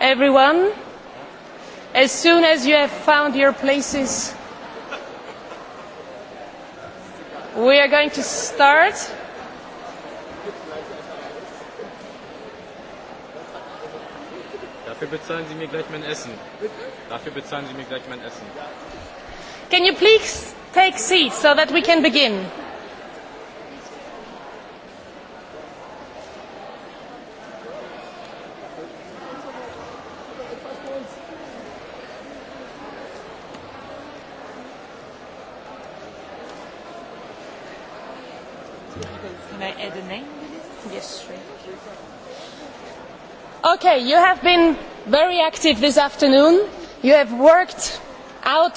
everyone. As soon as you have found your places, we are going to start. Dafür bezahlen Sie mir gleich mein Essen. Dafür bezahlen Sie mir gleich mein Essen. Can you please take seats so that we can begin? Okay, you have been very active this afternoon. You have worked out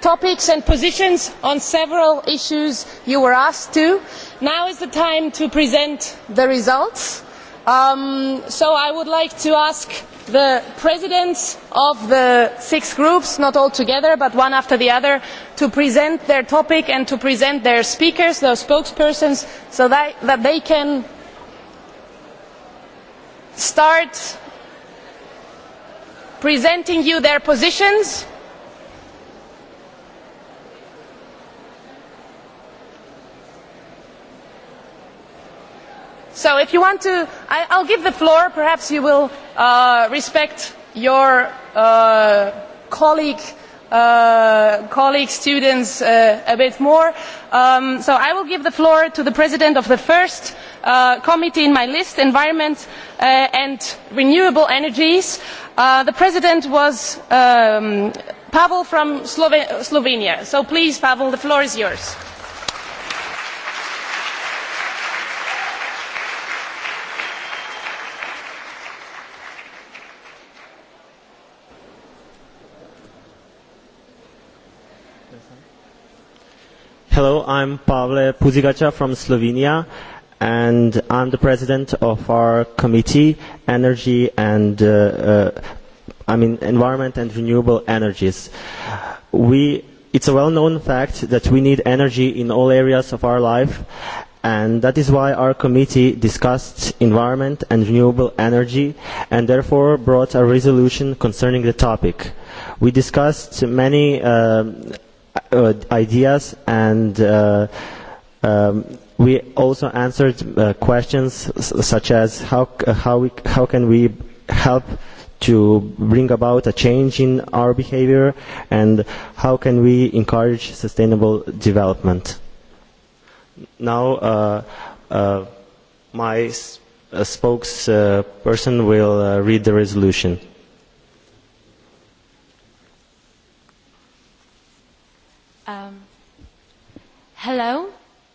topics and positions on several issues you were asked to. Now is the time to present the results. Um, so I would like to ask the presidents of the six groups, not all together, but one after the other, to present their topic and to present their speakers, their spokespersons, so that, that they can start presenting you their positions. So if you want to, I, I'll give the floor, perhaps you will uh, respect your uh, colleague uh, colleagues, students uh, a bit more. Um, so I will give the floor to the president of the first uh, committee in my list, Environment uh, and Renewable Energies. Uh, the president was um, Pavel from Sloven Slovenia. So please, Pavel, the floor is yours. Hello, I'm Pavle Puzigacha from Slovenia, and I'm the president of our committee, Energy and uh, uh, I mean Environment and Renewable Energies. We, it's a well-known fact that we need energy in all areas of our life, and that is why our committee discussed environment and renewable energy and therefore brought a resolution concerning the topic. We discussed many uh, uh, ideas and uh, um, we also answered uh, questions such as how, uh, how, we, how can we help to bring about a change in our behavior and how can we encourage sustainable development. Now uh, uh, my uh, spokesperson uh, will uh, read the resolution. Hello,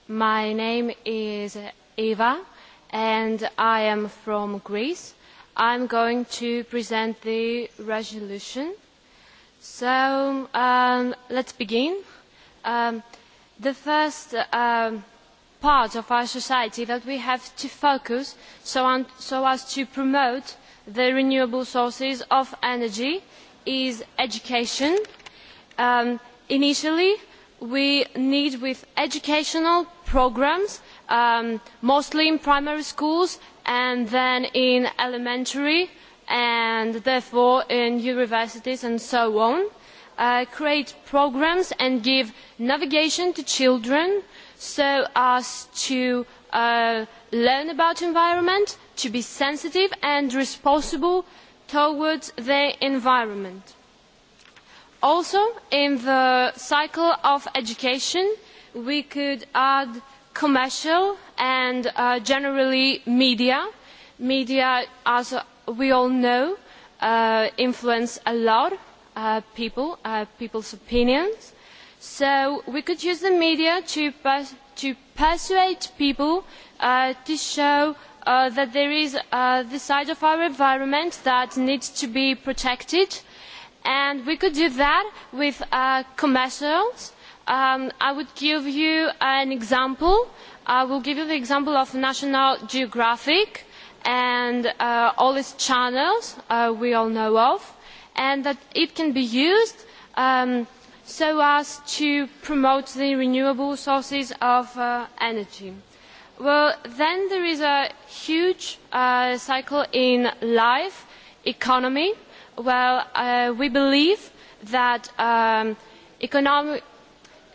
my name is Eva and I am from Greece. I'm going to present the resolution. So um, let's begin. Um, the first um, part of our society that we have to focus so, on, so as to promote the renewable sources of energy is education. Um, initially, we need with educational programmes, um, mostly in primary schools and then in elementary and therefore in universities and so on. Uh, create programmes and give navigation to children so as to uh, learn about environment, to be sensitive and responsible towards the environment. Also, in the cycle of education, we could add commercial and uh, generally media. Media, as we all know, uh, influence a lot uh, people, uh, people's opinions. So we could use the media to, pers to persuade people uh, to show uh, that there is uh, the side of our environment that needs to be protected – And we could do that with uh, commercials. Um, I would give you an example. I will give you the example of National Geographic and uh, all its channels uh, we all know of, and that it can be used um, so as to promote the renewable sources of uh, energy. Well, then there is a huge uh, cycle in life, economy, Well, uh, we believe that um, economic,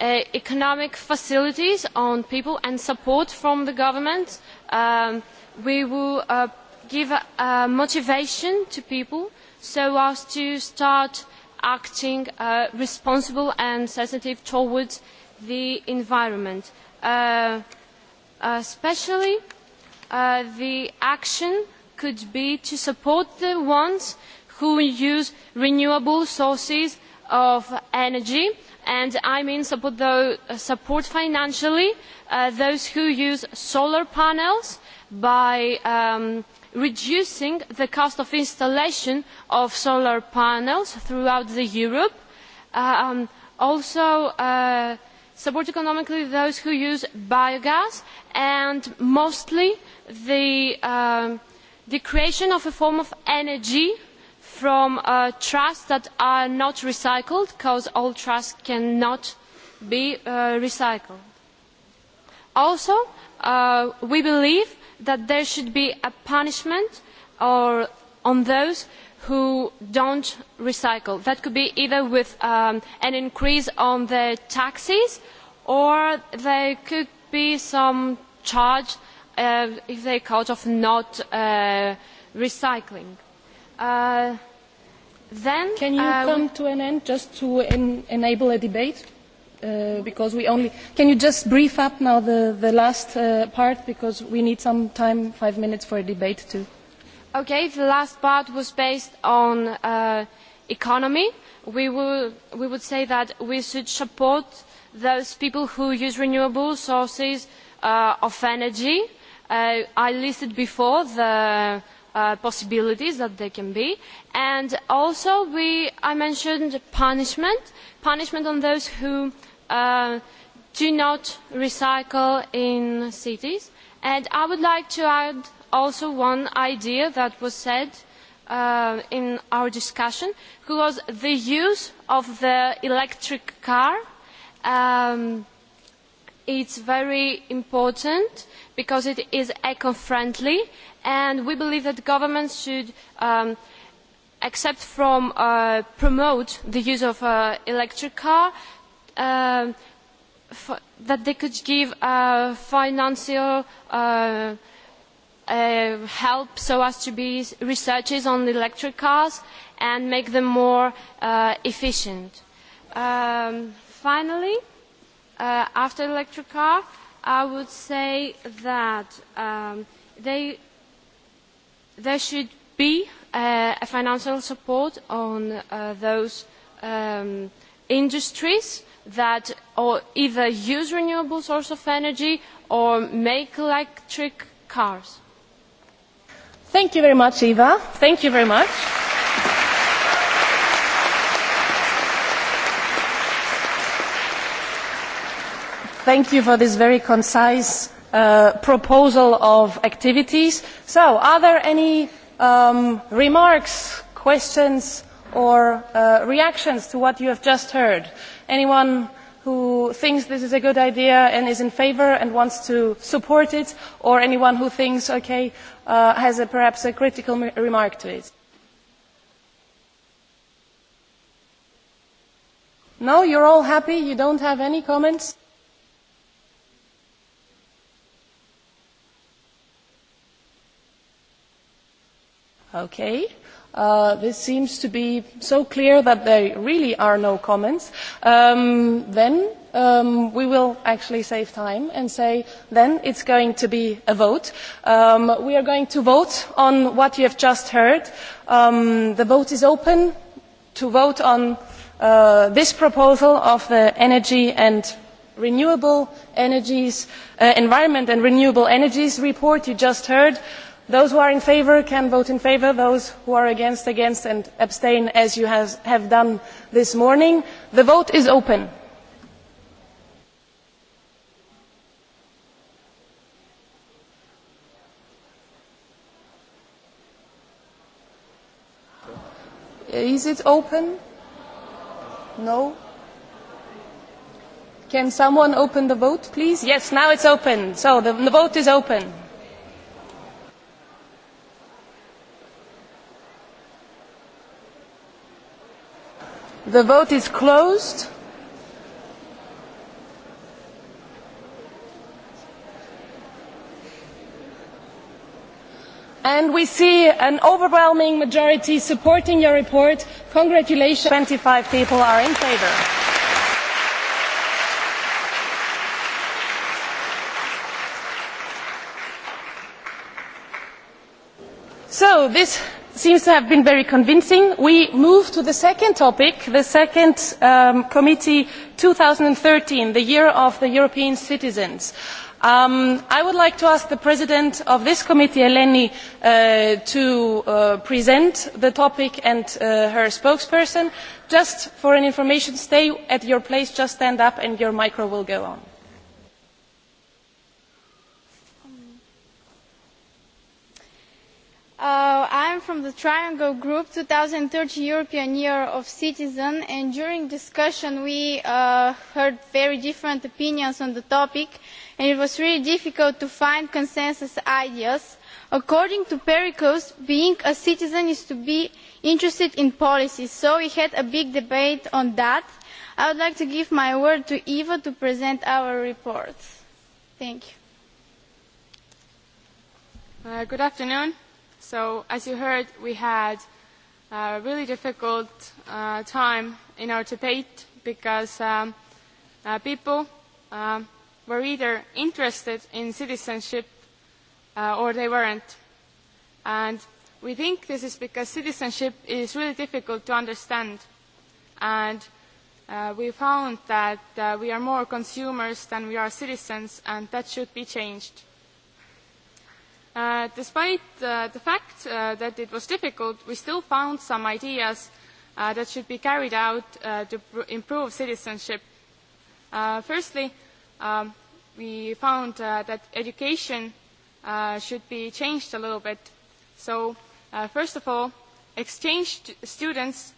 uh, economic facilities on people and support from the government, um, we will uh, give a motivation to people so as to start acting uh, responsible and sensitive towards the environment. Uh, uh especially, uh, the action could be to support the ones who use renewable sources of energy and I mean support, the, support financially uh, those who use solar panels by um, reducing the cost of installation of solar panels throughout Europe. Um, also uh, support economically those who use biogas and mostly the, um, the creation of a form of energy from uh, trusts that are not recycled, because all trusts cannot be uh, recycled. Also, uh, we believe that there should be a punishment or on those who don't recycle. That could be either with um, an increase on the taxes or there could be some charge uh, if they caught of not uh, recycling. Uh, then can you uh, come to an end just to en enable a debate? Uh, because we only can you just brief up now the, the last uh, part because we need some time five minutes for a debate too okay the last part was based on uh, economy we will we would say that we should support those people who use renewable sources uh, of energy uh, I listed before the Uh, possibilities that they can be. And also, we, I mentioned punishment, punishment on those who uh, do not recycle in cities. And I would like to add also one idea that was said uh, in our discussion, which was the use of the electric car. Um, it's very important because it is eco-friendly and we believe that governments should um, accept from uh, promote the use of uh, electric car uh, that they could give uh, financial uh, uh, help so as to be researches on electric cars and make them more uh, efficient. Um, finally, uh, after electric car, I would say that um, they there should be uh, a financial support on uh, those um, industries that or either use renewable source of energy or make electric cars. Thank you very much, Eva. Thank you very much. Thank you for this very concise Uh, proposal of activities. So, are there any um, remarks, questions, or uh, reactions to what you have just heard? Anyone who thinks this is a good idea and is in favor and wants to support it, or anyone who thinks, okay, uh, has a, perhaps a critical remark to it? No, you're all happy, you don't have any comments? Okay. Uh, this seems to be so clear that there really are no comments. Um, then um, we will actually save time and say then it's going to be a vote. Um, we are going to vote on what you have just heard. Um, the vote is open to vote on uh, this proposal of the energy and renewable energies, uh, environment and renewable energies report you just heard. Those who are in favour can vote in favour, those who are against, against and abstain as you has, have done this morning. The vote is open. Is it open? No? Can someone open the vote, please? Yes, now it's open. So the, the vote is open. The vote is closed. And we see an overwhelming majority supporting your report. Congratulations. 25 people are in favor. So this seems to have been very convincing. We move to the second topic, the second um, committee, 2013, the year of the European citizens. Um, I would like to ask the president of this committee, Eleni, uh, to uh, present the topic and uh, her spokesperson. Just for an information, stay at your place, just stand up and your micro will go on. Uh, I'm from the Triangle Group 2030 European Year of Citizen and during discussion we uh, heard very different opinions on the topic and it was really difficult to find consensus ideas. According to Pericles, being a citizen is to be interested in policy, so we had a big debate on that. I would like to give my word to Eva to present our report. Thank you. Uh, good afternoon. So as you heard, we had a really difficult uh, time in our debate because um, uh, people um, were either interested in citizenship uh, or they weren't. And we think this is because citizenship is really difficult to understand. And uh, we found that uh, we are more consumers than we are citizens and that should be changed. Uh, despite uh, the fact uh, that it was difficult, we still found some ideas uh, that should be carried out uh, to improve citizenship. Uh, firstly, um, we found uh, that education uh, should be changed a little bit. So, uh, first of all, exchange students,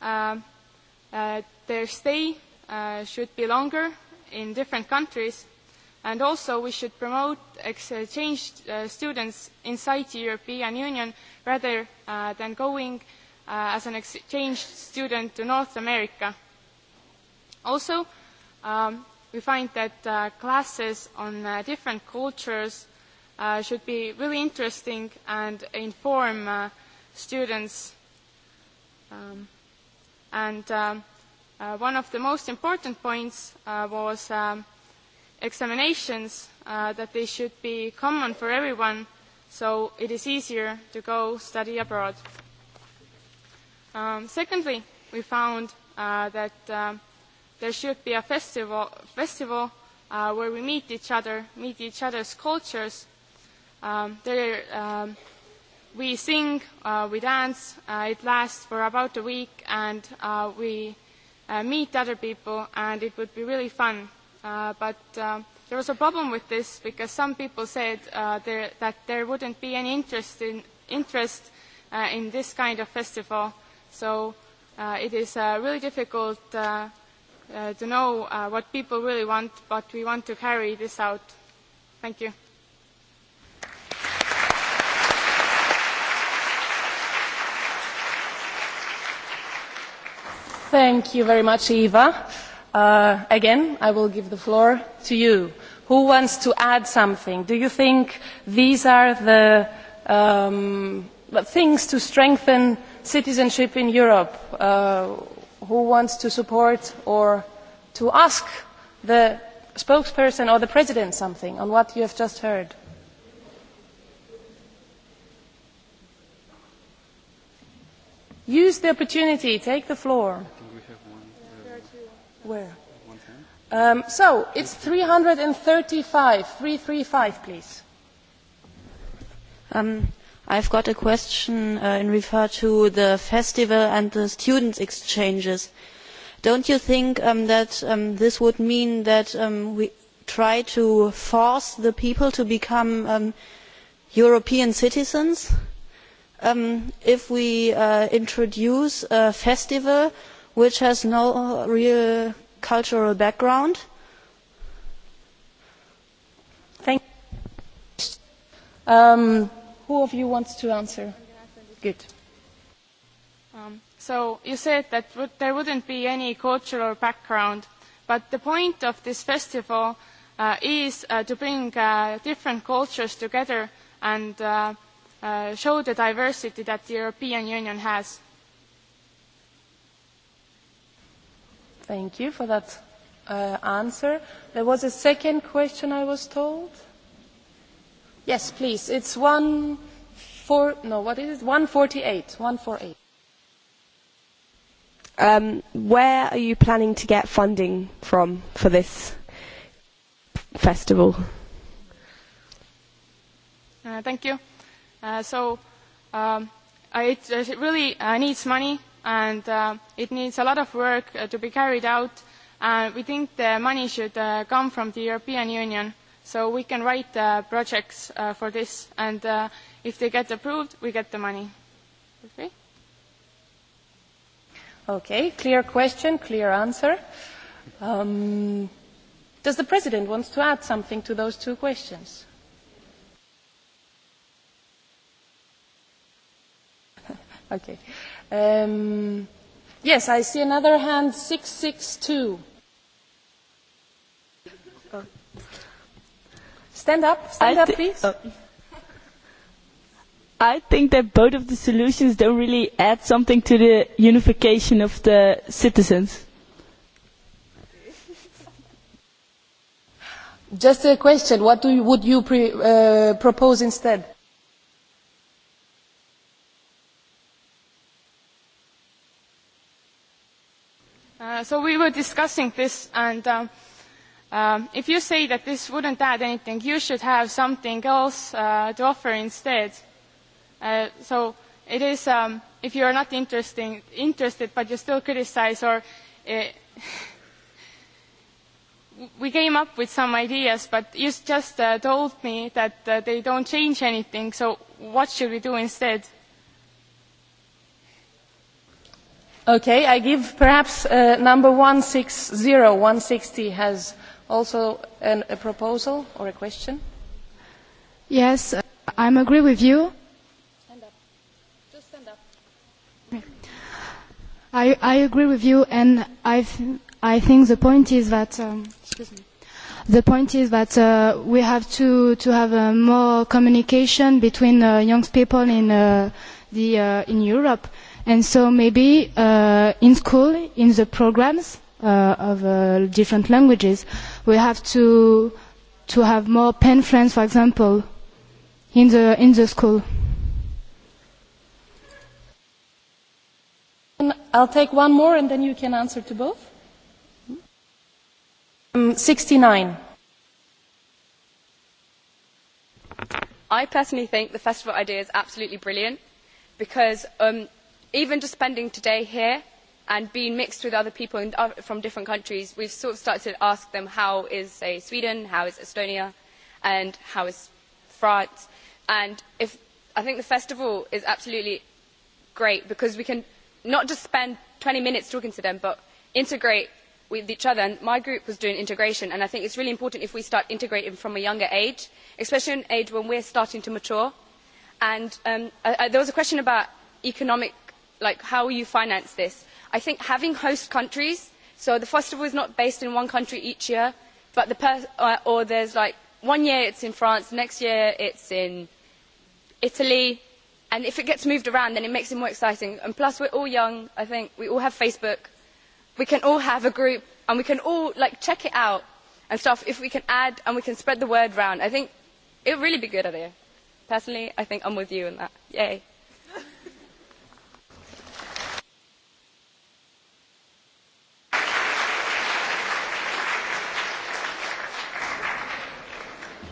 uh, uh, their stay uh, should be longer in different countries And also we should promote exchange uh, students inside the European Union rather uh, than going uh, as an exchange student to North America. Also, um, we find that uh, classes on uh, different cultures uh, should be really interesting and inform uh, students. Um, and um, uh, one of the most important points uh, was um, examinations uh, that they should be common for everyone so it is easier to go study abroad. Um, secondly, we found uh, that uh, there should be a festival, festival uh, where we meet each other, meet each other's cultures. Um, there, um, we sing, uh, we dance, uh, it lasts for about a week and uh, we uh, meet other people and it would be really fun Uh, but uh, there was a problem with this because some people said uh, there, that there wouldn't be any interest in, interest, uh, in this kind of festival. So uh, it is uh, really difficult uh, uh, to know uh, what people really want, but we want to carry this out. Thank you. Thank you very much, Eva. Uh, again, I will give the floor to you. Who wants to add something? Do you think these are the um, things to strengthen citizenship in Europe? Uh, who wants to support or to ask the spokesperson or the president something on what you have just heard? Use the opportunity, take the floor. Where? Um, so, it's 335. 335, please. Um, I've got a question uh, in refer to the festival and the students' exchanges. Don't you think um, that um, this would mean that um, we try to force the people to become um, European citizens? Um, if we uh, introduce a festival which has no real cultural background. Thank um, who of you wants to answer? Good. Um, so you said that there wouldn't be any cultural background, but the point of this festival uh, is uh, to bring uh, different cultures together and uh, uh, show the diversity that the European Union has. Thank you for that uh, answer. There was a second question I was told. Yes, please. It's one four. No, what is it? One forty-eight. One four eight. Um, where are you planning to get funding from for this festival? Uh, thank you. Uh, so um, I, it really uh, needs money and uh, it needs a lot of work uh, to be carried out. And we think the money should uh, come from the European Union, so we can write uh, projects uh, for this, and uh, if they get approved, we get the money. Okay? Okay, clear question, clear answer. Um, does the President want to add something to those two questions? okay. Um, yes, I see another hand, 662. Stand up, stand up, please. Uh, I think that both of the solutions don't really add something to the unification of the citizens. Just a question, what do you, would you pre, uh, propose instead? Uh, so we were discussing this, and um, uh, if you say that this wouldn't add anything, you should have something else uh, to offer instead. Uh, so it is, um, if you are not interesting, interested but you still criticize, or uh, we came up with some ideas, but you just uh, told me that uh, they don't change anything, so what should we do instead? Okay, I give perhaps uh, number 160, 160 has also an, a proposal or a question. Yes, uh, I agree with you. Stand up. Just stand up. I, I agree with you, and I, th I think the point is that um, excuse me. The point is that uh, we have to, to have uh, more communication between uh, young people in, uh, the, uh, in Europe And so maybe uh, in school, in the programs uh, of uh, different languages, we have to to have more pen friends, for example, in the in the school. I'll take one more, and then you can answer to both. Um, 69. I personally think the festival idea is absolutely brilliant because um, even just spending today here and being mixed with other people in, uh, from different countries, we've sort of started to ask them how is, say, Sweden, how is Estonia, and how is France. And if, I think the festival is absolutely great because we can not just spend 20 minutes talking to them, but integrate with each other. And my group was doing integration, and I think it's really important if we start integrating from a younger age, especially an age when we're starting to mature. And um, uh, there was a question about economic like how will you finance this? I think having host countries, so the festival is not based in one country each year, but the per uh, or there's like one year it's in France, next year it's in Italy, and if it gets moved around then it makes it more exciting. And plus we're all young, I think, we all have Facebook, we can all have a group and we can all like check it out and stuff if we can add and we can spread the word round. I think it would really be a good idea. Personally, I think I'm with you on that. Yay.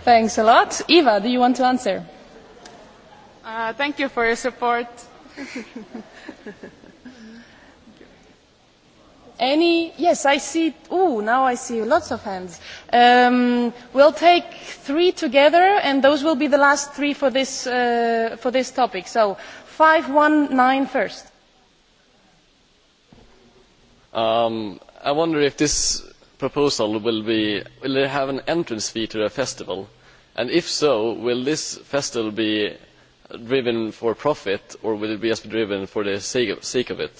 Thanks a lot. Eva, do you want to answer? Uh, thank you for your support. Any? Yes, I see. Ooh, now I see lots of hands. Um, we'll take three together, and those will be the last three for this, uh, for this topic. So, 519 first. Um, I wonder if this proposal will, be, will it have an entrance fee to a festival? And if so, will this festival be driven for profit or will it be just driven for the sake of, sake of it?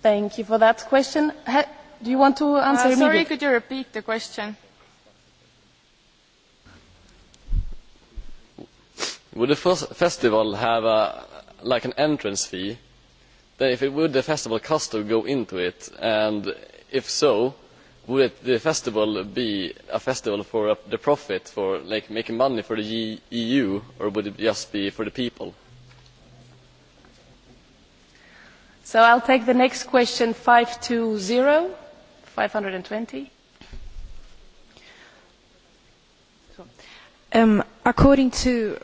Thank you for that question. Ha do you want to answer uh, Sorry, could you repeat the question? Would the festival have a, like an entrance fee then if it, would the festival cost to go into it? And if so, would it, the festival be a festival for a, the profit, for like making money for the G e, EU, or would it just be for the people? So I'll take the next question, 520, 520. Um, according to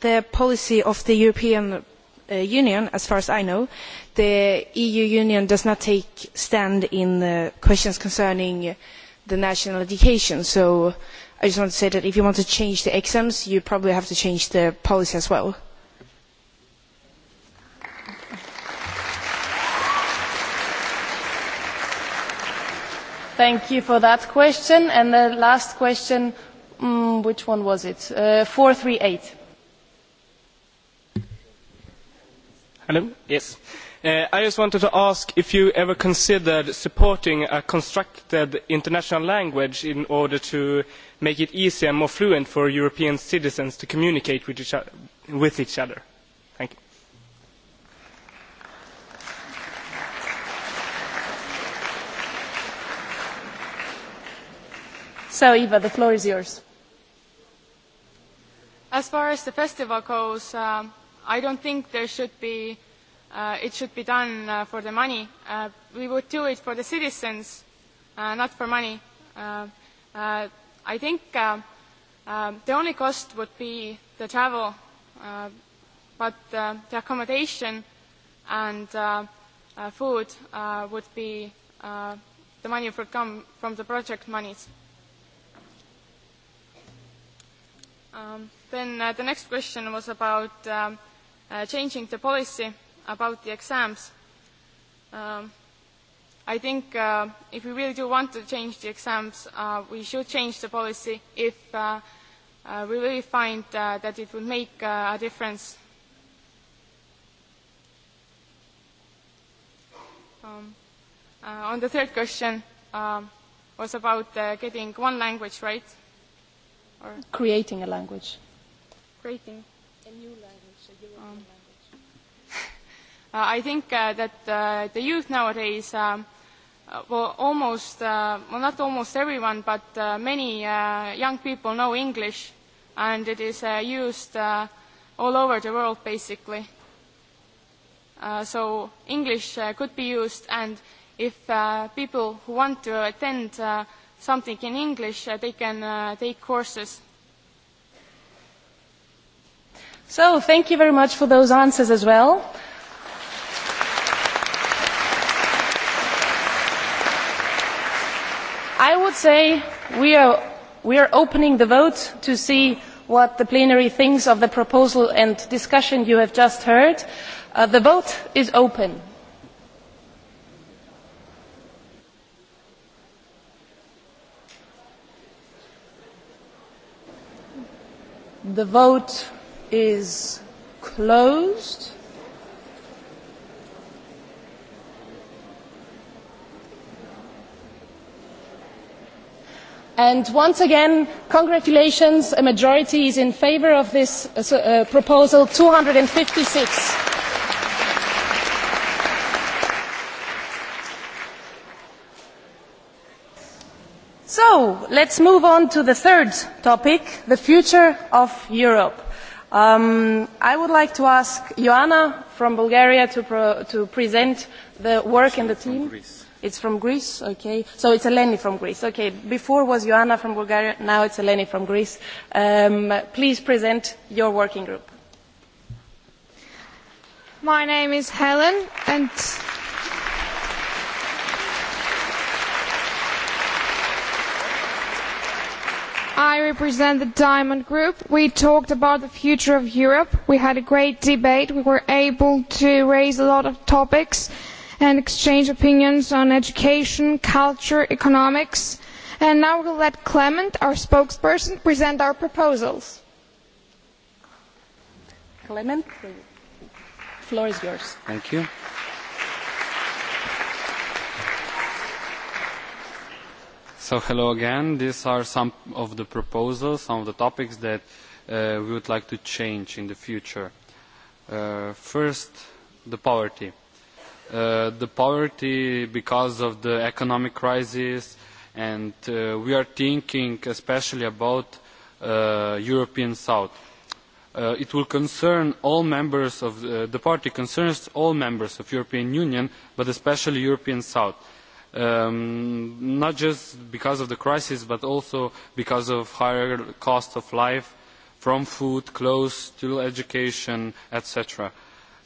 the policy of the European uh, Union, as far as I know, the EU Union does not take stand in uh, questions concerning the national education. So I just want to say that if you want to change the exams, you probably have to change the policy as well. Thank you for that question. And the last question, mm, which one was it? Uh, 438. Hello? Yes. Uh, I just wanted to ask if you ever considered supporting a constructed international language in order to make it easier and more fluent for European citizens to communicate with each, with each other. Thank you. So, Eva, the floor is yours. As far as the festival goes, um, I don't think there should be uh, it should be done uh, for the money. Uh, we would do it for the citizens, uh, not for money. Uh, uh, I think uh, uh, the only cost would be the travel, uh, but uh, the accommodation and uh, uh, food uh, would be uh, the money would come from the project monies. Um, then uh, the next question was about um, uh, changing the policy about the exams, um, I think uh, if we really do want to change the exams, uh, we should change the policy if uh, uh, we really find uh, that it would make uh, a difference. Um, uh, on the third question, um, was about uh, getting one language right? Or creating a language. Creating a new language, a European um, language. Uh, I think uh, that uh, the youth nowadays, uh, uh, well, almost, uh, well, not almost everyone, but uh, many uh, young people know English, and it is uh, used uh, all over the world, basically. Uh, so English uh, could be used, and if uh, people who want to attend uh, something in English, uh, they can uh, take courses. So thank you very much for those answers as well. would say we are, we are opening the vote to see what the plenary thinks of the proposal and discussion you have just heard. Uh, the vote is open. The vote is closed. And once again, congratulations, a majority is in favour of this uh, uh, proposal 256. So, let's move on to the third topic, the future of Europe. Um, I would like to ask Joanna from Bulgaria to, pro to present the work in the team. From Greece. It's from Greece, okay. So it's Eleni from Greece. Okay, before was Joanna from Bulgaria, now it's Eleni from Greece. Um, please present your working group. My name is Helen and... I represent the Diamond Group. We talked about the future of Europe. We had a great debate. We were able to raise a lot of topics and exchange opinions on education, culture, economics. And now we'll let Clement, our spokesperson, present our proposals. Clement, the floor is yours. Thank you. So hello again. These are some of the proposals, some of the topics that uh, we would like to change in the future. Uh, first, the poverty. Uh, the poverty because of the economic crisis and uh, we are thinking especially about uh, European South. Uh, it will concern all members of the, uh, the party concerns all members of European Union but especially European South um, not just because of the crisis but also because of higher cost of life from food, clothes to education, etc.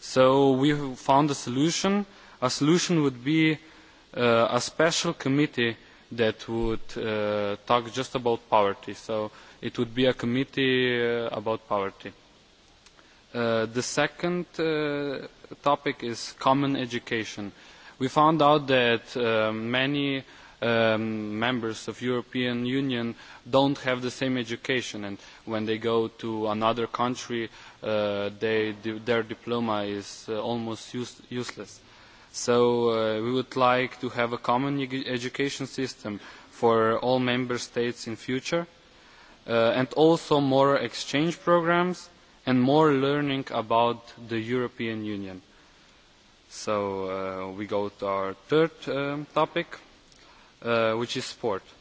So we found a solution. A solution would be uh, a special committee that would uh, talk just about poverty. So it would be a committee uh, about poverty. Uh, the second uh, topic is common education. We found out that uh, many um, members of European Union don't have the same education and when they go to another country uh, they, their diploma is uh, almost use, useless. So uh, we would like to have a common e-, education system for all member states in future uh, and also more exchange programs and more learning about the European Union. So uh, we go to our third um, topic, uh, which is sport. Uh,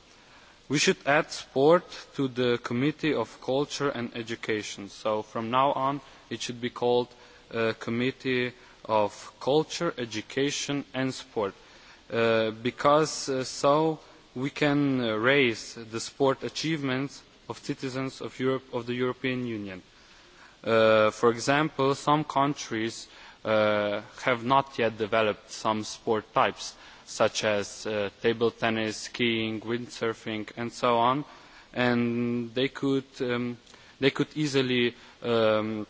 We should add sport to the Committee of Culture and Education. So from now on, it should be called uh, Committee of Culture, Education and Sport. Uh, because uh, so we can uh, raise the sport achievements of citizens of, Europe, of the European Union. Uh, for example, some countries uh, have not yet developed some sport types such as uh, table tennis, skiing, windsurfing, and so on. And they could, um, they could easily um,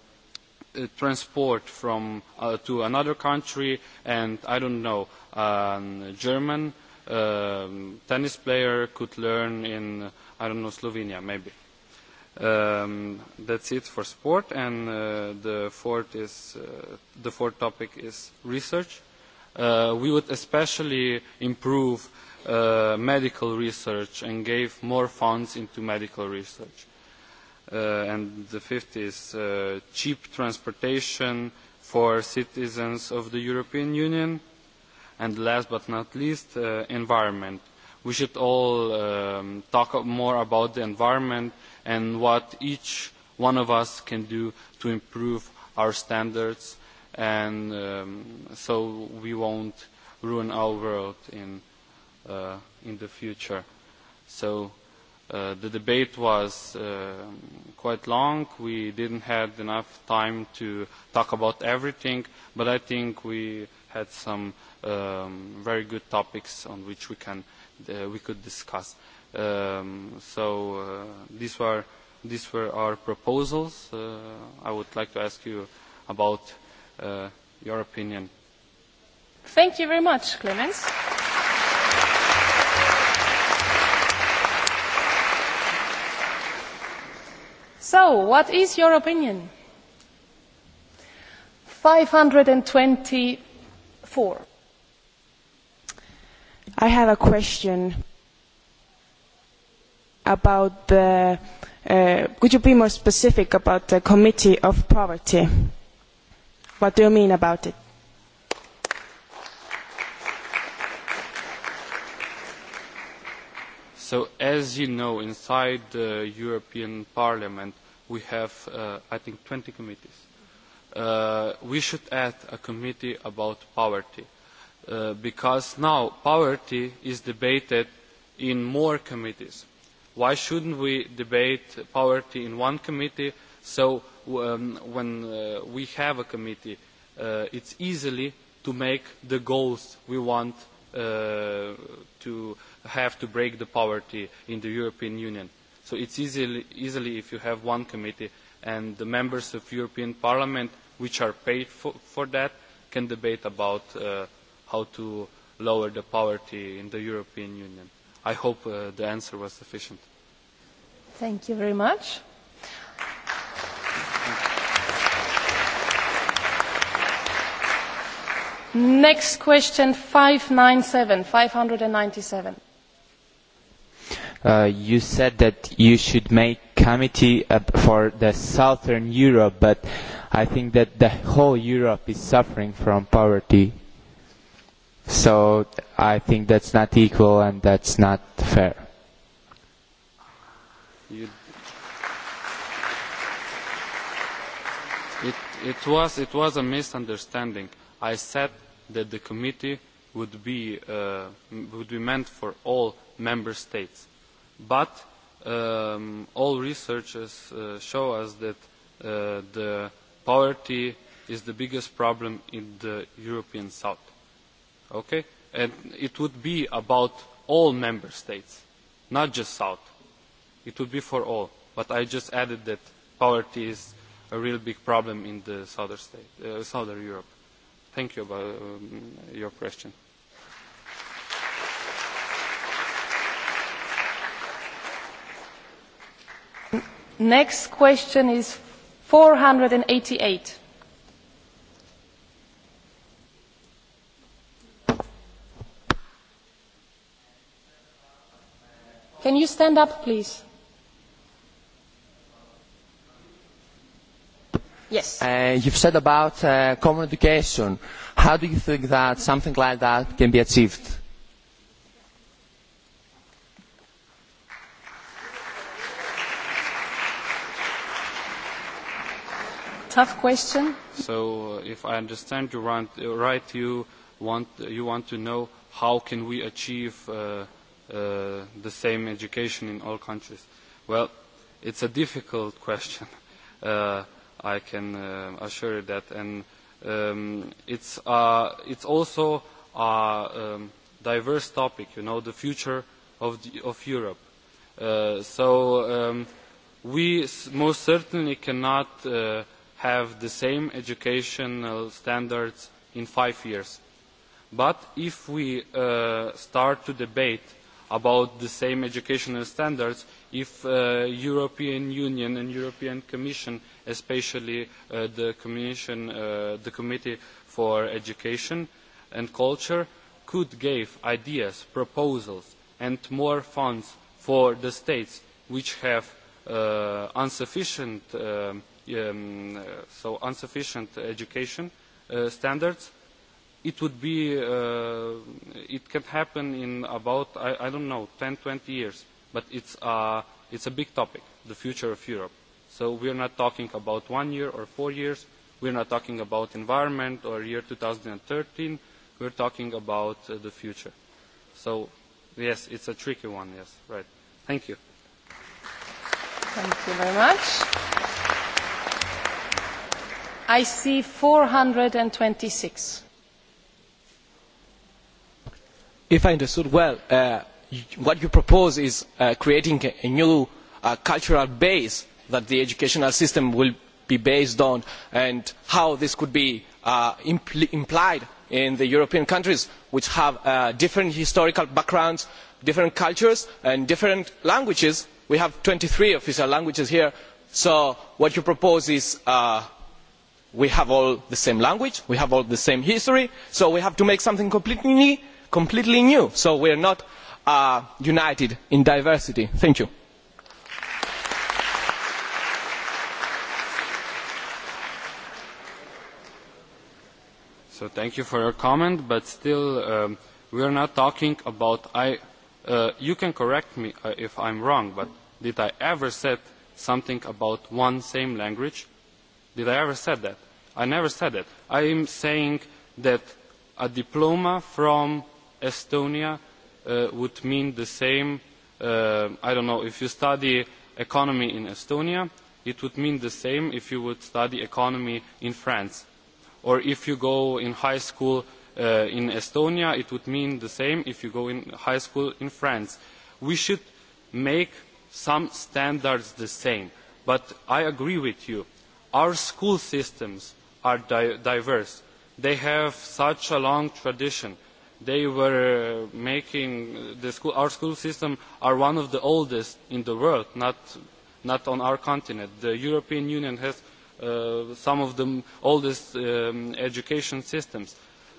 uh, transport from uh, to another country and, I don't know, um, German um, tennis player could learn in, I don't know, Slovenia, maybe. Um, that's it for sport, and uh, the, fourth is, uh, the fourth topic is research Uh, we would especially improve uh, medical research and gave more funds into medical research. Uh, and the fifth is uh, cheap transportation for citizens of the European Union. And last but not least, uh, environment. We should all um, talk more about the environment and what each one of us can do to improve our standards and um, so we won't ruin our world in, uh, in the future. So uh, the debate was uh, quite long. We didn't have enough time to talk about everything, but I think we had some um, very good topics on which we, can, uh, we could discuss. Um, so uh, these, were, these were our proposals. Uh, I would like to ask you about uh, your opinion. Thank you very much, Clemens. So, what is your opinion? 524. I have a question about the, uh, could you be more specific about the Committee of Poverty? What do you mean about it? So as you know, inside the European Parliament, we have, uh, I think, 20 committees. Uh, we should add a committee about poverty, uh, because now poverty is debated in more committees. Why shouldn't we debate poverty in one committee so um, when uh, we have a committee, uh, it's easily to make the goals we want uh, to have to break the poverty in the European Union. So it's easily, easily if you have one committee and the members of European Parliament which are paid for, for that can debate about uh, how to lower the poverty in the European Union. I hope uh, the answer was sufficient. Thank you very much. Next question, 597, 597. Uh, you said that you should make committee uh, for the southern Europe, but I think that the whole Europe is suffering from poverty. So I think that's not equal and that's not fair. You it, it, was, it was a misunderstanding. I said that the committee would be, uh, would be meant for all member states. But um, all researchers uh, show us that uh, the poverty is the biggest problem in the European South. Okay? And it would be about all member states, not just South. It would be for all. But I just added that poverty is a real big problem in the southern, state, uh, southern Europe. Thank you about um, your question. Next question is 488. Can you stand up, please? Yes. Uh, you've said about uh, common education. How do you think that something like that can be achieved? Tough question. So, uh, if I understand you right, uh, right you, want, you want to know how can we achieve uh, uh, the same education in all countries. Well, it's a difficult question. Uh, I can uh, assure that. And um, it's, uh, it's also a um, diverse topic, you know, the future of, the, of Europe. Uh, so um, we most certainly cannot uh, have the same educational standards in five years. But if we uh, start to debate about the same educational standards if the uh, European Union and European Commission, especially uh, the, commission, uh, the Committee for Education and Culture, could give ideas, proposals and more funds for the states which have uh, insufficient, um, um, so insufficient education uh, standards it would be, uh, it can happen in about, I, I don't know, 10, 20 years, but it's, uh, it's a big topic, the future of Europe. So we're not talking about one year or four years, we're not talking about environment or year 2013, we're talking about uh, the future. So, yes, it's a tricky one, yes, right. Thank you. Thank you very much. I see 426. If I understood well, uh, what you propose is uh, creating a new uh, cultural base that the educational system will be based on and how this could be uh, impl implied in the European countries which have uh, different historical backgrounds, different cultures and different languages. We have twenty three official languages here, so what you propose is uh, we have all the same language, we have all the same history, so we have to make something completely new completely new. So we are not uh, united in diversity. Thank you. So thank you for your comment, but still um, we are not talking about, I, uh, you can correct me uh, if I'm wrong, but did I ever said something about one same language? Did I ever said that? I never said that. I am saying that a diploma from Estonia uh, would mean the same, uh, I don't know, if you study economy in Estonia, it would mean the same if you would study economy in France. Or if you go in high school uh, in Estonia, it would mean the same if you go in high school in France. We should make some standards the same. But I agree with you. Our school systems are di diverse. They have such a long tradition they were uh, making the school, our school system are one of the oldest in the world, not, not on our continent. The European Union has uh, some of the oldest um, education systems.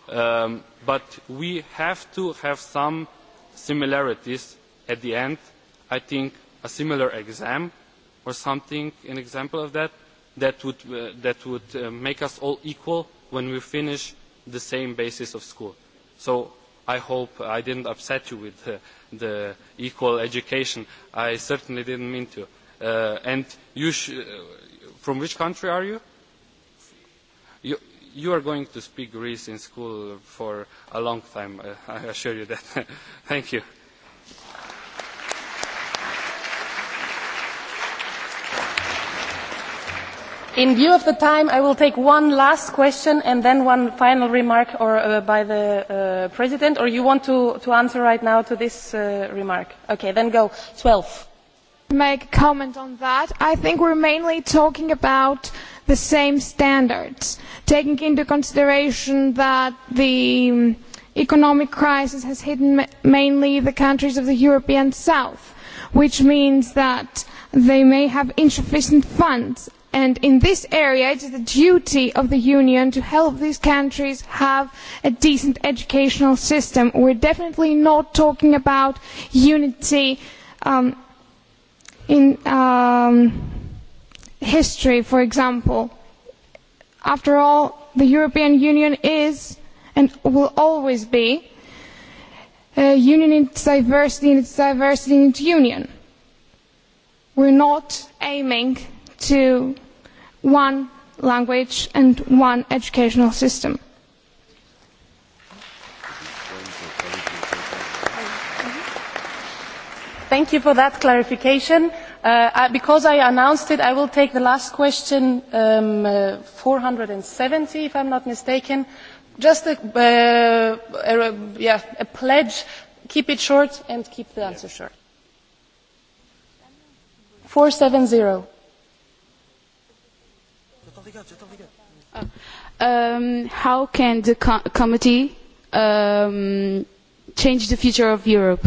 Um, but we have to have some similarities at the end. I think a similar exam or something, an example of that, that would, uh, that would uh, make us all equal when we finish the same basis of school So I hope I didn't upset you with uh, the equal education. I certainly didn't mean to. Uh, and you sh uh, from which country are you? you? You are going to speak Greece in school for a long time, uh, I assure you that. Thank you. In view of the time, I will take one last question and then one final remark or, uh, by the uh, President, or you want to, to answer right now to this uh, remark? Okay, then go. 12. Make a comment on that. I think we're mainly talking about the same standards, taking into consideration that the um, economic crisis has hit mainly the countries of the European South, which means that they may have insufficient funds And in this area, it is the duty of the Union to help these countries have a decent educational system. We are definitely not talking about unity um, in um, history, for example. After all, the European Union is and will always be a union in its diversity, in its diversity, in its union. We're not aiming to one language and one educational system. Thank you for that clarification. Uh, because I announced it, I will take the last question, um, uh, 470, if I'm not mistaken. Just a, uh, a, yeah, a pledge, keep it short and keep the answer short. 470. Um, how can the co committee um, change the future of Europe?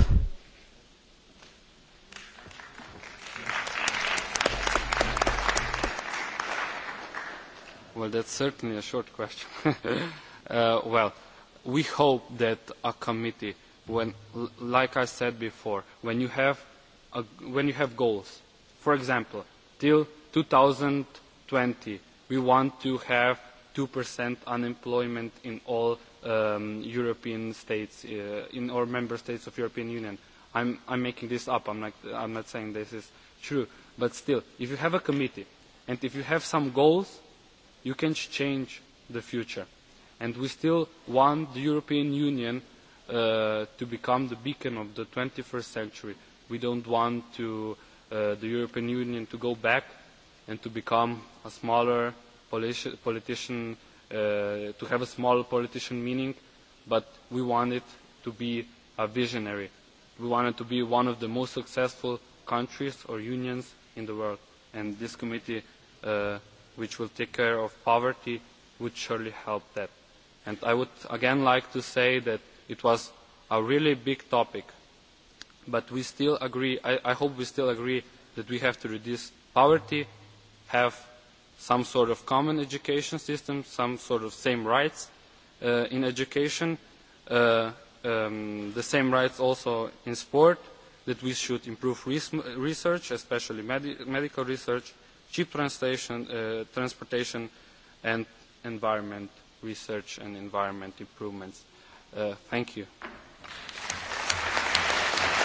Well, that's certainly a short question. uh, well, we hope that a committee, when, like I said before, when you have, a, when you have goals, for example, till 2020, we want to have 2% unemployment in all um, European states, uh, in all member states of European Union. I'm, I'm making this up, I'm not, I'm not saying this is true, but still, if you have a committee and if you have some goals, you can change the future. And we still want the European Union uh, to become the beacon of the 21st century. We don't want to, uh, the European Union to go back and to become a smaller politi politician, uh, to have a small politician meaning, but we want it to be a visionary. We want it to be one of the most successful countries or unions in the world. And this committee, uh, which will take care of poverty, would surely help that. And I would again like to say that it was a really big topic, but we still agree, I, I hope we still agree that we have to reduce poverty have some sort of common education system, some sort of same rights uh, in education, uh, um, the same rights also in sport, that we should improve res research, especially med medical research, cheap translation, uh, transportation, and environment research and environment improvements. Uh, thank you.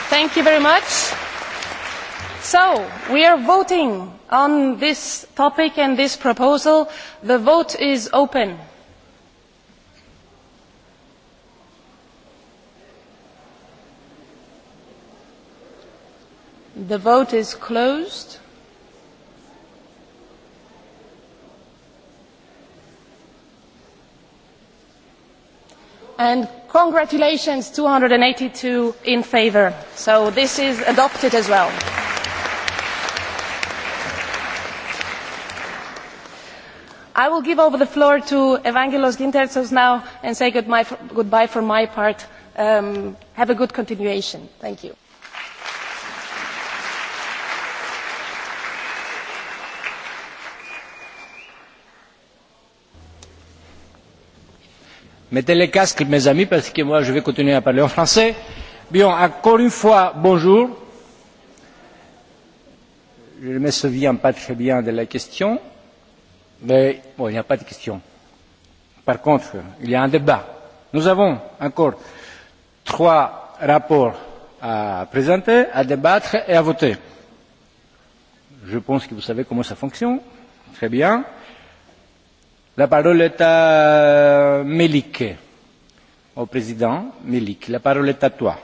Thank you very much. So, we are voting on this topic and this proposal. The vote is open. The vote is closed. And congratulations, 282 in favor. So this is adopted as well. I will give over the floor to Evangelos Gintertsos now and say goodbye, for, goodbye for my part. Um, have a good continuation. Thank you. Mettez les casques, mes amis, parce que moi, je vais continuer à parler en français. Bien, encore une fois, bonjour. Je ne me souviens pas très bien de la question. Mais bon, il n'y a pas de question. Par contre, il y a un débat. Nous avons encore trois rapports à présenter, à débattre et à voter. Je pense que vous savez comment ça fonctionne. Très bien. La parole est à Melik, au président Melik. La parole est à toi.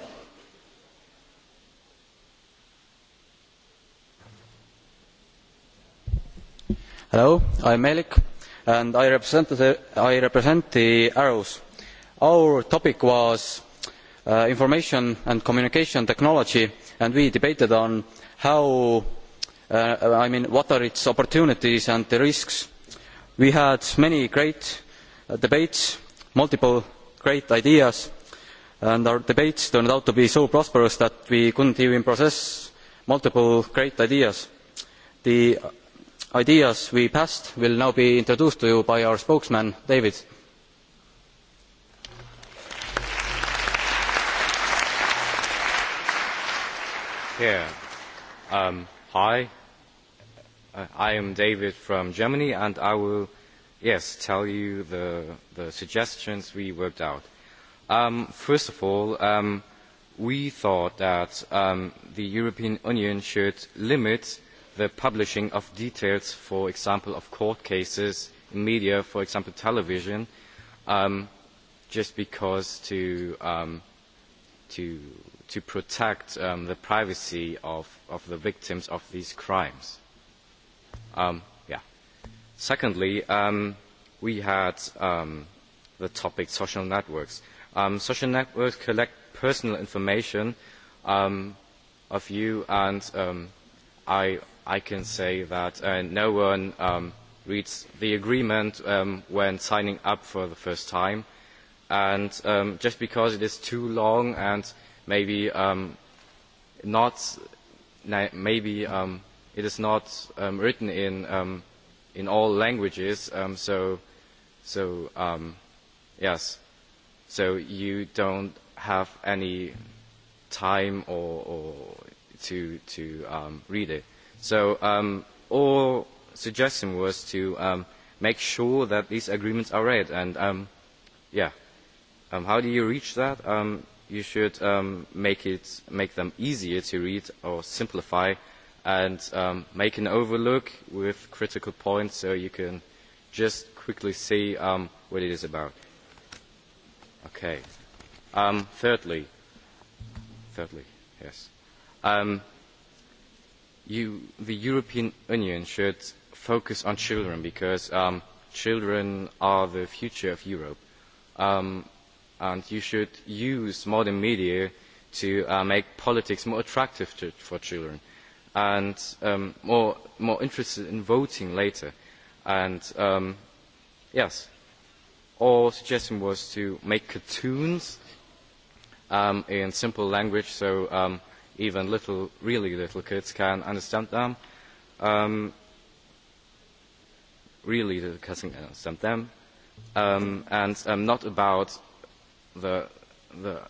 Hello, I'm Melik, and I represent the, I represent the Arrows. Our topic was uh, information and communication technology, and we debated on how, uh, I mean, what are its opportunities and the risks. We had many great uh, debates, multiple great ideas, and our debates turned out to be so prosperous that we couldn't even process multiple great ideas. The ideas we passed will now be introduced to you by our spokesman, David. Here. Um, hi, uh, I am David from Germany, and I will, yes, tell you the, the suggestions we worked out. Um, first of all, um, we thought that um, the European Union should limit the publishing of details, for example, of court cases in media, for example, television, um, just because to, um, to, to protect um, the privacy of, of the victims of these crimes. Um, yeah. Secondly, um, we had um, the topic social networks. Um, social networks collect personal information um, of you and um, I I can say that uh, no one um, reads the agreement um, when signing up for the first time. And um, just because it is too long and maybe um, not, maybe um, it is not um, written in, um, in all languages, um, so, so um, yes, so you don't have any time or, or to, to um, read it. So um, our suggestion was to um, make sure that these agreements are read. And um, yeah, um, how do you reach that? Um, you should um, make, it, make them easier to read or simplify and um, make an overlook with critical points so you can just quickly see um, what it is about. Okay. Um, thirdly, thirdly, yes. Um, you, the European Union should focus on children because um, children are the future of Europe. Um, and you should use modern media to uh, make politics more attractive to, for children and um, more, more interested in voting later. And um, yes, our suggestion was to make cartoons um, in simple language so um, even little, really little kids can understand them. Um, really little kids can understand them. Um, and um, not about the, the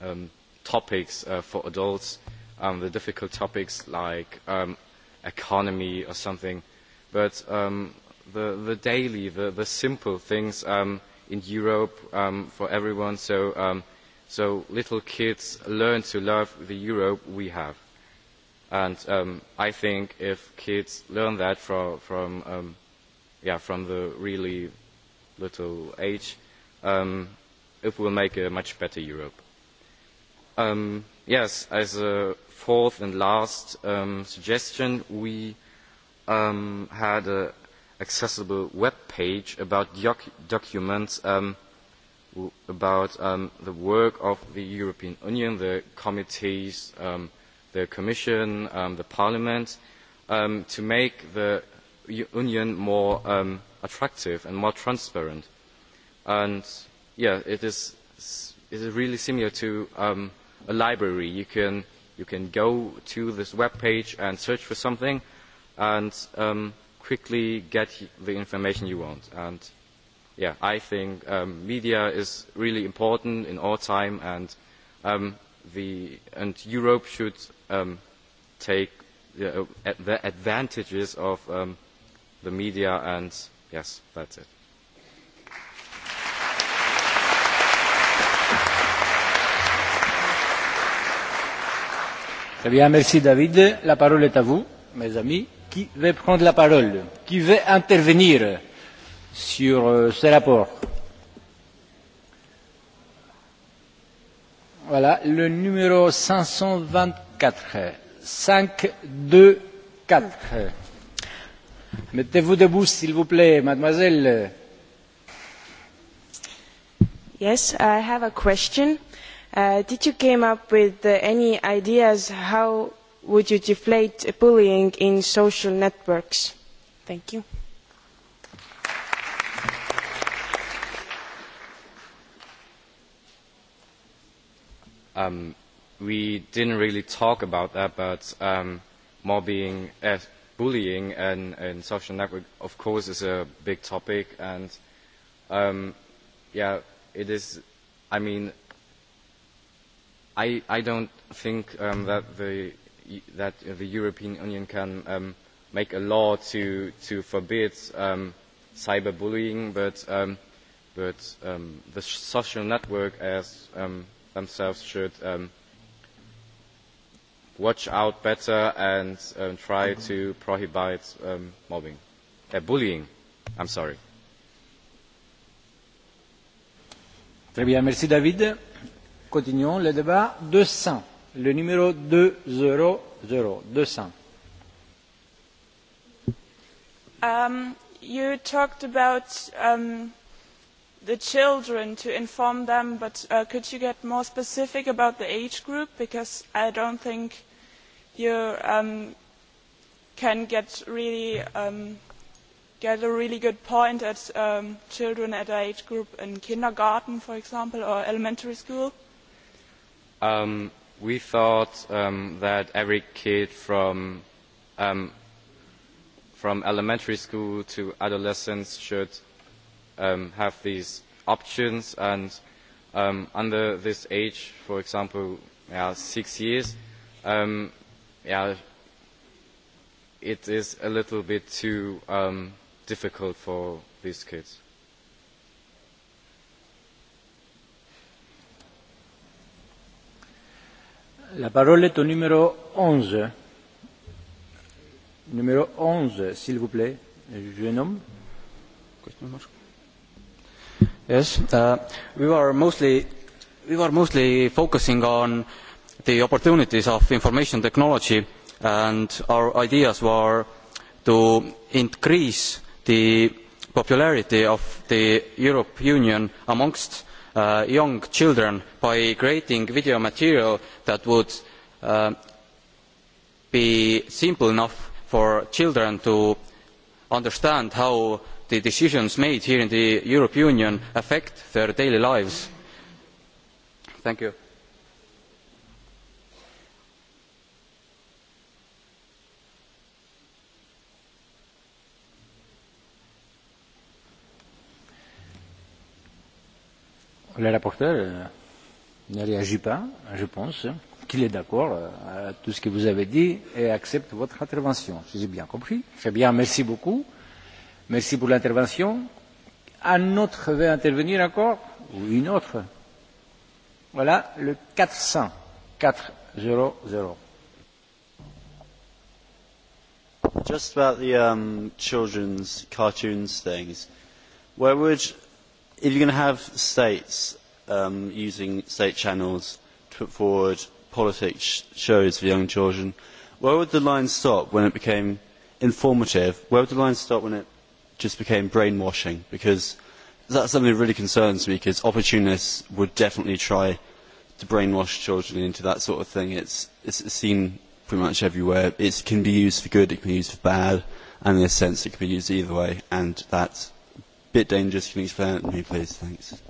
um, topics uh, for adults, um, the difficult topics like um, economy or something, but um, the, the daily, the, the simple things um, in Europe um, for everyone. So um, so little kids learn to love the Europe we have. And um, I think if kids learn that from, from, um, yeah, from the really little age, um, it will make a much better Europe. Um, yes, as a fourth and last um, suggestion, we um, had an accessible web page about doc documents um, about um, the work of the European Union, the committees, um, the Commission, um, the Parliament, um, to make the Union more um, attractive and more transparent. And yeah, it is, it is really similar to um, a library. You can, you can go to this web page and search for something and um, quickly get the information you want. And yeah, I think um, media is really important in our time and, um, the, and Europe should um, take the, uh, the advantages of um, the media and yes, that's it. Très bien, merci David. La parole est à vous, mes amis. Qui veut prendre la parole Qui veut intervenir sur euh, ce rapport. Voilà, le numéro 524. 524. Mettez-vous debout, s'il vous plaît, mademoiselle. Yes, I have a question. Uh, did you came up with uh, any ideas how would you deflate bullying in social networks? Thank you. Um, we didn't really talk about that, but um, mobbing, uh, bullying and, and social network, of course, is a big topic. And um, yeah, it is, I mean, I, I don't think um, that, the, that the European Union can um, make a law to, to forbid um, cyberbullying, but, um, but um, the social network, as um, themselves should um, watch out better and um, try to prohibit um, mobbing, uh, bullying. I'm sorry. Très bien, merci David. Continuons le débat. 200, le numéro 200, 200. Um, you talked about um, the children to inform them, but uh, could you get more specific about the age group? Because I don't think you um, can get really um, get a really good point at um, children at an age group in kindergarten, for example, or elementary school. Um, we thought um, that every kid from um, from elementary school to adolescence should um, have these options and um, under this age, for example, yeah, six years, um, yeah, it is a little bit too um, difficult for these kids. La parole est au numéro 11. Numéro 11, s'il vous plaît, jeune homme. Yes, uh, we were mostly we were mostly focusing on the opportunities of information technology, and our ideas were to increase the popularity of the European Union amongst uh, young children by creating video material that would uh, be simple enough for children to understand how the decisions made here in the European Union affect their daily lives. Thank you. Le rapporteur euh, ne réagit pas, je pense qu'il est d'accord euh, à tout ce que vous avez dit et accepte votre intervention. Si j'ai bien compris. Très bien, merci beaucoup. Merci pour l'intervention. Un autre veut intervenir encore Ou une autre Voilà, le 400. 400. Just about the um, children's cartoons things. Where would, if you're going to have states um, using state channels to put forward politics shows for young children, where would the line stop when it became informative? Where would the line stop when it just became brainwashing because that's something that really concerns me because opportunists would definitely try to brainwash children into that sort of thing. It's, it's seen pretty much everywhere. It can be used for good, it can be used for bad, and in a sense it can be used either way, and that's a bit dangerous. Can you explain it to me, please? Thanks.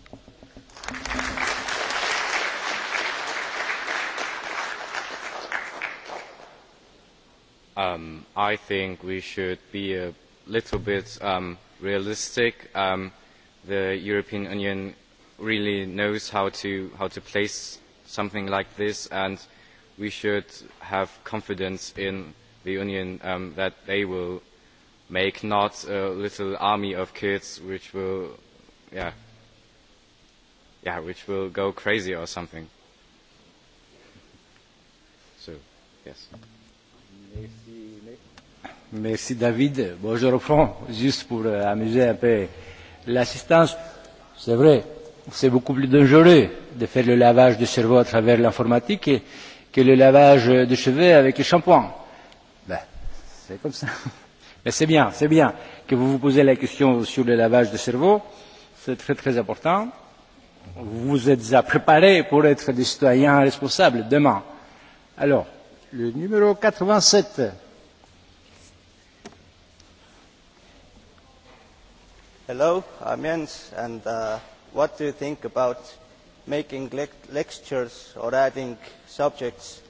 Um, I think we should be a little bit um, realistic. Um, the European Union really knows how to, how to place something like this, and we should have confidence in the Union um, that they will make not a little army of kids which will, yeah, yeah, which will go crazy or something. So, yes. Merci, merci. Merci David. Bon, je reprends juste pour euh, amuser un peu l'assistance. C'est vrai, c'est beaucoup plus dangereux de faire le lavage du cerveau à travers l'informatique que le lavage de cheveux avec le shampoing. Ben, c'est comme ça. Mais c'est bien, c'est bien que vous vous posez la question sur le lavage du cerveau. C'est très très important. Vous vous êtes à préparer pour être des citoyens responsables demain. Alors, le numéro 87. Hello, I'm Jens, and uh, what do you think about making le lectures or adding subjects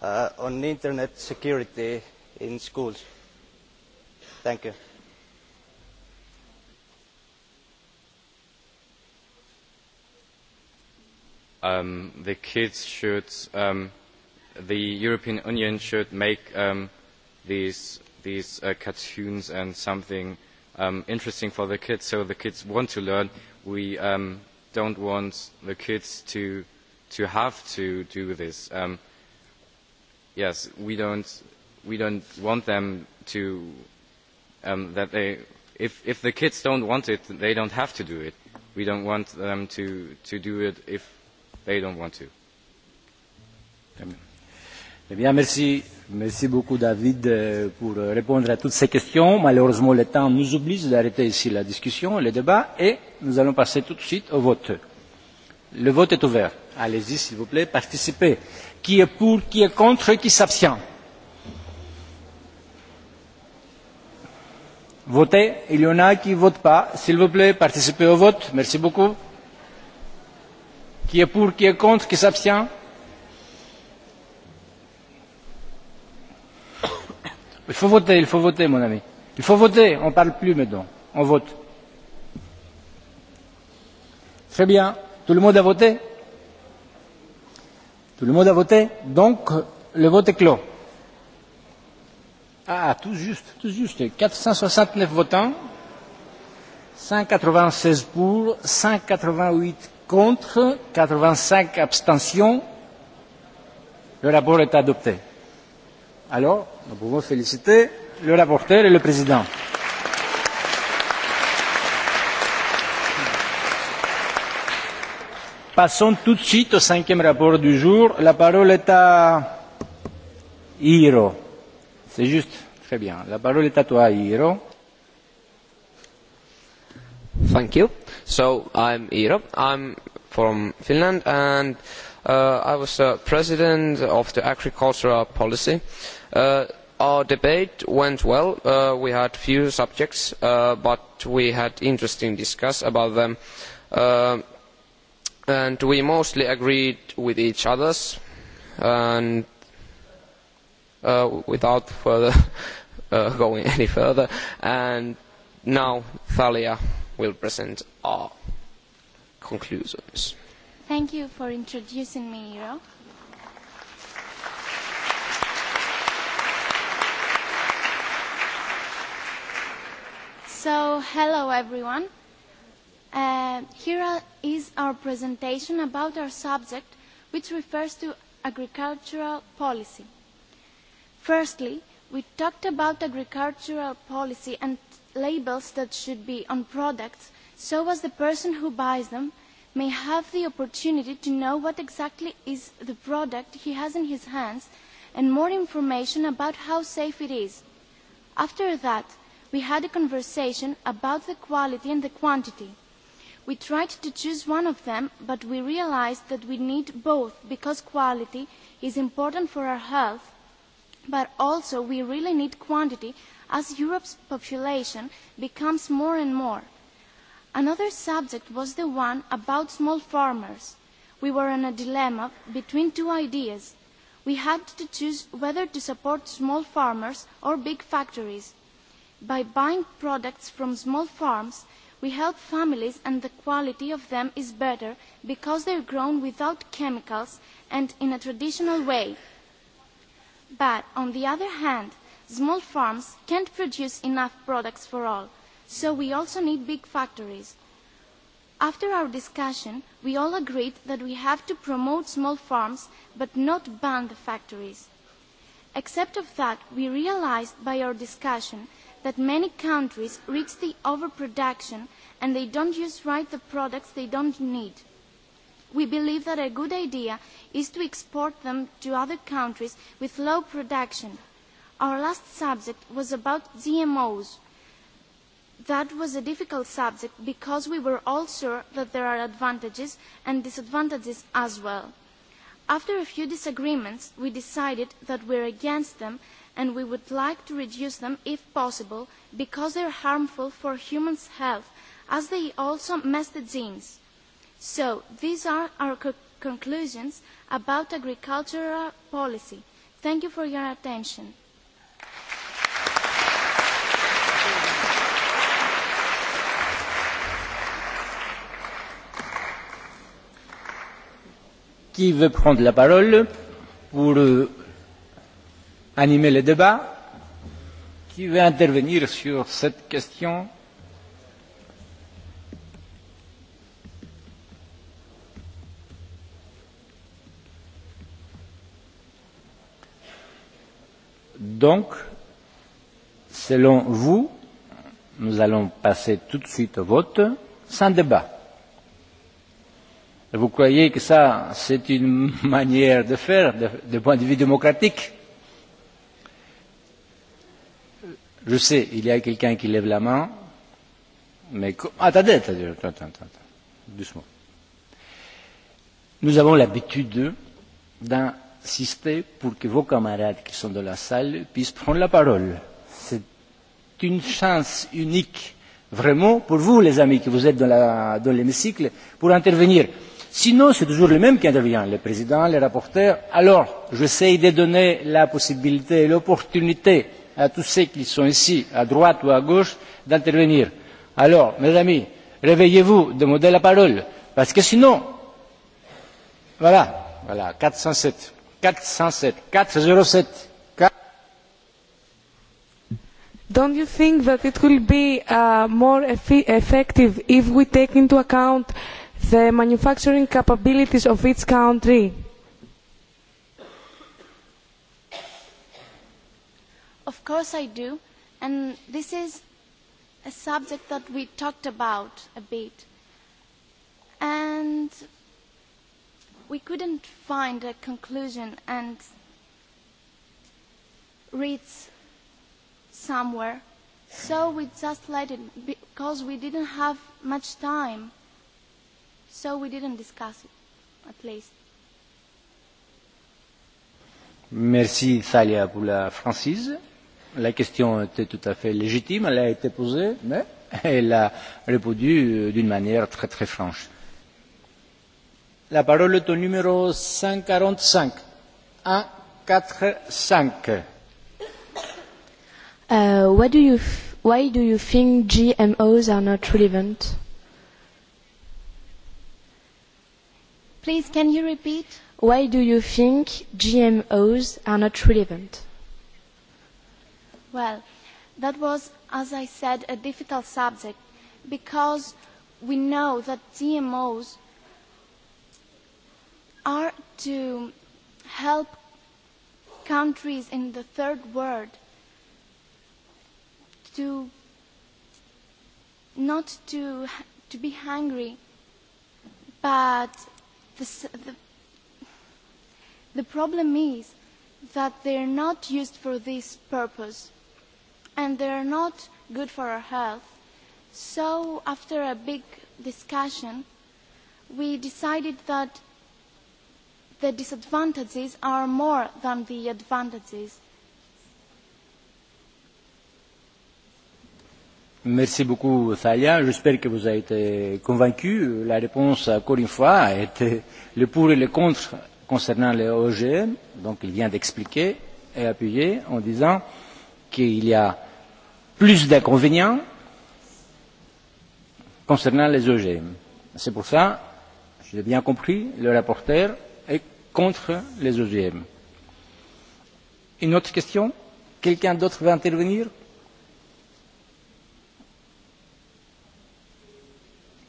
uh, on internet security in schools? Thank you. Um, the kids should, um, the European Union should make um, these, these uh, cartoons and something um, interesting for the kids so the kids want to learn. We um, don't want the kids to, to have to do this. Um, yes, we don't, we don't want them to, um, that they, if, if the kids don't want it, they don't have to do it. We don't want them to, to do it if they don't want to. Amen. Eh bien, merci. Merci beaucoup, David, euh, pour euh, répondre à toutes ces questions. Malheureusement, le temps nous oblige d'arrêter ici la discussion, le débat, et nous allons passer tout de suite au vote. Le vote est ouvert. Allez-y, s'il vous plaît, participez. Qui est pour, qui est contre, qui s'abstient Votez. Il y en a qui ne votent pas. S'il vous plaît, participez au vote. Merci beaucoup. Qui est pour, qui est contre, qui s'abstient Il faut voter, il faut voter, mon ami. Il faut voter, on ne parle plus maintenant, on vote. Très bien, tout le monde a voté Tout le monde a voté, donc le vote est clos. Ah, tout juste, tout juste, 469 votants, 196 pour, 188 contre, 85 abstentions. Le rapport est adopté. Alors, nous pouvons féliciter le rapporteur et le président. Passons tout de suite au cinquième rapport du jour. La parole est à Hiro. C'est juste, très bien. La parole est à toi, Hiro. Thank you. So I'm Hiro. I'm from Finland and uh, I was uh, president of the agricultural policy. Uh, Uh, our debate went well. Uh, we had few subjects, uh, but we had interesting discussions about them. Uh, and we mostly agreed with each other. And uh, without further uh, going any further, and now Thalia will present our conclusions. Thank you for introducing me, Iro. So, hello everyone. Uh, here is our presentation about our subject, which refers to agricultural policy. Firstly, we talked about agricultural policy and labels that should be on products so as the person who buys them may have the opportunity to know what exactly is the product he has in his hands and more information about how safe it is. After that, we had a conversation about the quality and the quantity. We tried to choose one of them, but we realized that we need both because quality is important for our health, but also we really need quantity as Europe's population becomes more and more. Another subject was the one about small farmers. We were in a dilemma between two ideas. We had to choose whether to support small farmers or big factories By buying products from small farms, we help families and the quality of them is better because they are grown without chemicals and in a traditional way. But, on the other hand, small farms can't produce enough products for all, so we also need big factories. After our discussion, we all agreed that we have to promote small farms but not ban the factories. Except of that, we realized by our discussion that many countries reach the overproduction and they don't use right the products they don't need. We believe that a good idea is to export them to other countries with low production. Our last subject was about GMOs. That was a difficult subject because we were all sure that there are advantages and disadvantages as well. After a few disagreements, we decided that we are against them and we would like to reduce them if possible because they are harmful for human health as they also mess the genes. So these are our co conclusions about agricultural policy. Thank you for your attention. Qui veut prendre la parole pour euh, animer le débat. Qui veut intervenir sur cette question Donc, selon vous, nous allons passer tout de suite au vote sans débat. Vous croyez que ça, c'est une manière de faire, de, de point de vue démocratique Je sais, il y a quelqu'un qui lève la main, mais attendez, ah, attendez, attendez, attendez, doucement. Nous avons l'habitude d'insister pour que vos camarades qui sont dans la salle puissent prendre la parole. C'est une chance unique, vraiment, pour vous, les amis, que vous êtes dans l'hémicycle, pour intervenir. Sinon, c'est toujours le même qui intervient, le président, les rapporteurs. Alors, j'essaie de donner la possibilité et l'opportunité à tous ceux qui sont ici, à droite ou à gauche, d'intervenir. Alors, mes amis, réveillez-vous, demandez la parole, parce que sinon, voilà, voilà, 407, 407, 407. sept. Don't you think that it will be uh, more eff effective if we take into account the manufacturing capabilities of each country? Of course I do. And this is a subject that we talked about a bit. And we couldn't find a conclusion and read somewhere. So we just let it because we didn't have much time. So we didn't discuss it, at least. Merci Thalia pour la francise. La question était tout à fait légitime, elle a été posée, mais elle a répondu euh, d'une manière très très franche. La parole est au numéro 145. 145. Uh, what do you f why do you think GMOs are not relevant? Please, can you repeat? Why do you think GMOs are not relevant? Well, that was, as I said, a difficult subject because we know that GMOs are to help countries in the third world to not to to be hungry but the, the the problem is that they're not used for this purpose and they are not good for our health. So after a big discussion, we decided that the disadvantages are more than the advantages. Merci beaucoup, Thalia. J'espère que vous avez été convaincu. La réponse, encore une fois, a été le pour et le contre concernant les OGM. Donc, il vient d'expliquer et appuyer en disant qu'il y a plus d'inconvénients concernant les OGM. C'est pour ça, j'ai bien compris, le rapporteur est contre les OGM. Une autre question Quelqu'un d'autre veut intervenir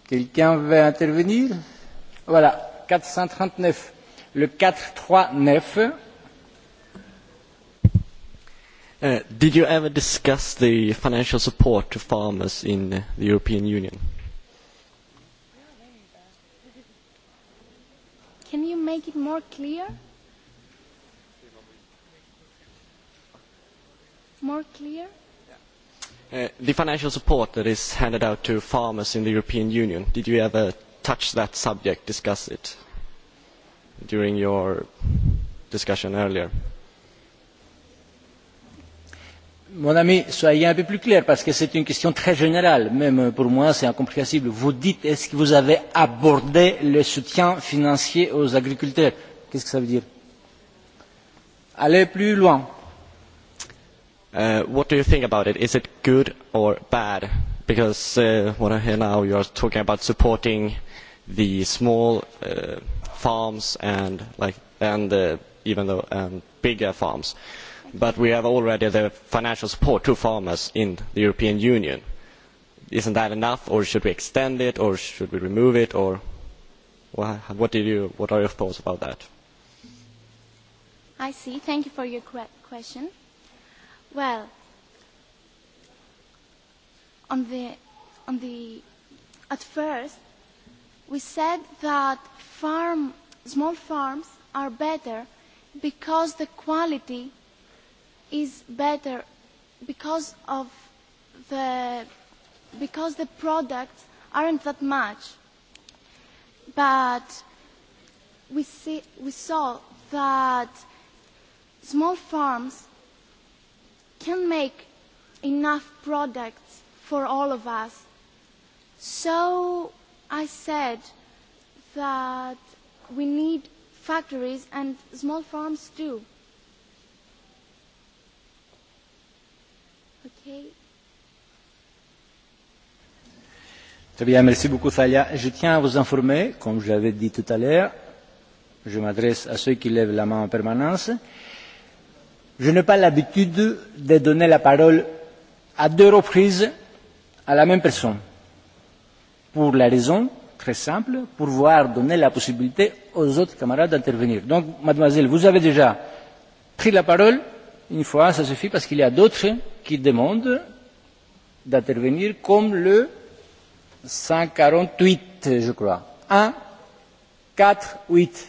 Quelqu'un veut intervenir Voilà, 439. Le 439 Uh, did you ever discuss the financial support to farmers in the European Union? Can you make it more clear? More clear? Uh, the financial support that is handed out to farmers in the European Union, did you ever touch that subject, discuss it during your discussion earlier? Mon ami, soyez un peu plus clair, parce que c'est une question très générale. Même euh, pour moi, c'est incompréhensible. Vous dites, est-ce que vous avez abordé le soutien financier aux agriculteurs Qu'est-ce que ça veut dire Allez plus loin. Uh, what do you think about it? Is it good or bad? Because uh, what I hear now, you are talking about supporting the small uh, farms and, like, and uh, even the um, bigger farms. Uh, but we have already the financial support to farmers in the European Union. Isn't that enough, or should we extend it, or should we remove it, or what, do you, what are your thoughts about that? I see. Thank you for your question. Well, on the, on the, at first, we said that farm, small farms are better because the quality is better because of the because the products aren't that much. But we see we saw that small farms can make enough products for all of us. So I said that we need factories and small farms too. Très bien, merci beaucoup Thalia. Je tiens à vous informer, comme je l'avais dit tout à l'heure, je m'adresse à ceux qui lèvent la main en permanence, je n'ai pas l'habitude de donner la parole à deux reprises à la même personne. Pour la raison très simple, pour pouvoir donner la possibilité aux autres camarades d'intervenir. Donc, mademoiselle, vous avez déjà pris la parole, une fois, ça suffit parce qu'il y a d'autres qui demandent d'intervenir comme le 148, je crois. 1, 4, 8.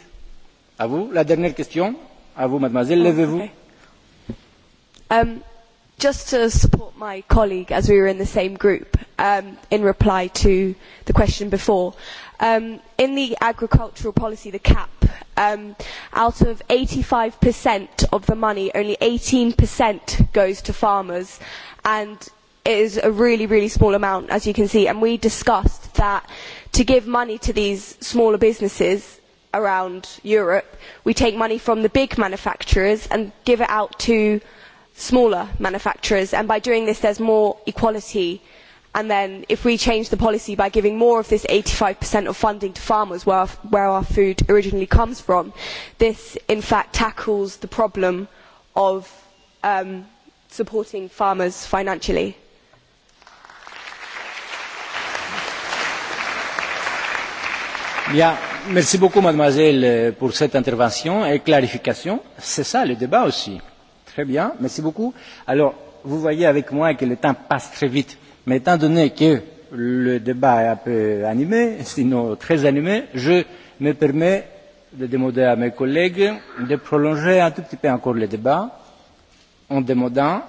À vous, la dernière question. À vous, mademoiselle, oh, levez-vous. Okay. Um, just to support my colleague, as we were in the same group, um, in reply to the question before, um, in the agricultural policy, the CAP, um, out of 85% of the money, only 18% goes to farmers, and it is a really, really small amount, as you can see. And we discussed that to give money to these smaller businesses, around Europe, we take money from the big manufacturers and give it out to smaller manufacturers and by doing this there is more equality and then if we change the policy by giving more of this eighty 85% of funding to farmers where our, where our food originally comes from, this in fact tackles the problem of um, supporting farmers financially. Merci beaucoup, mademoiselle, pour cette intervention et clarification. C'est ça le débat aussi Très bien, merci beaucoup. Alors, vous voyez avec moi que le temps passe très vite, mais étant donné que le débat est un peu animé, sinon très animé, je me permets de demander à mes collègues de prolonger un tout petit peu encore le débat en demandant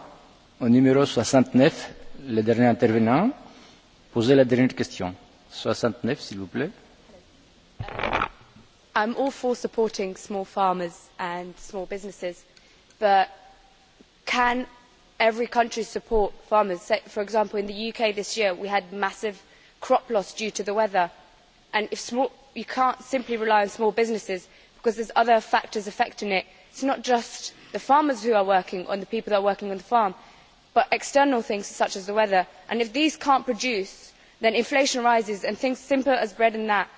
au numéro 69, le dernier intervenant, poser la dernière question. 69, s'il vous plaît. I'm all for supporting small farmers and small businesses, but can every country support farmers? For example, in the UK this year we had massive crop loss due to the weather. And if small, you can't simply rely on small businesses because there's other factors affecting it. It's not just the farmers who are working or the people that are working on the farm, but external things such as the weather. And if these can't produce, then inflation rises and things simple as bread and that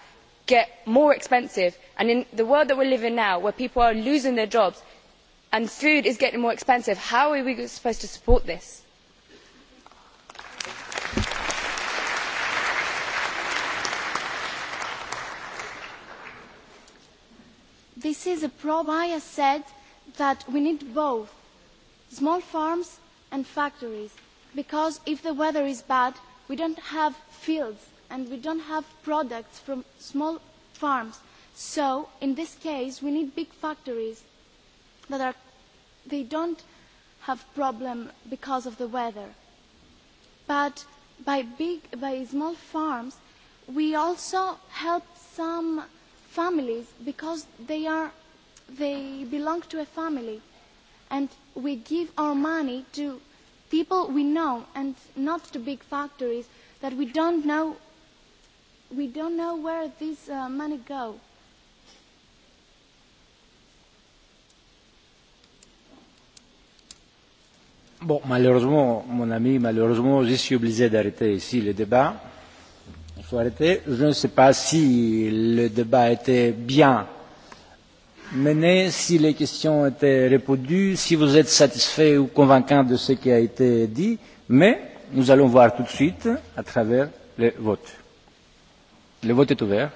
get more expensive. And in the world that we live in now, where people are losing their jobs, and food is getting more expensive. How are we supposed to support this? This is a problem, I have said, that we need both small farms and factories because if the weather is bad, we don't have fields and we don't have products from small farms. So, in this case, we need big factories that are they don't have problem because of the weather. But by, big, by small farms, we also help some families because they, are, they belong to a family. And we give our money to people we know and not to big factories that we don't know, we don't know where this uh, money goes. Bon, malheureusement, mon ami, malheureusement, je suis obligé d'arrêter ici le débat. Il faut arrêter. Je ne sais pas si le débat était bien mené, si les questions étaient répondues, si vous êtes satisfait ou convaincant de ce qui a été dit, mais nous allons voir tout de suite à travers le vote. Le vote est ouvert.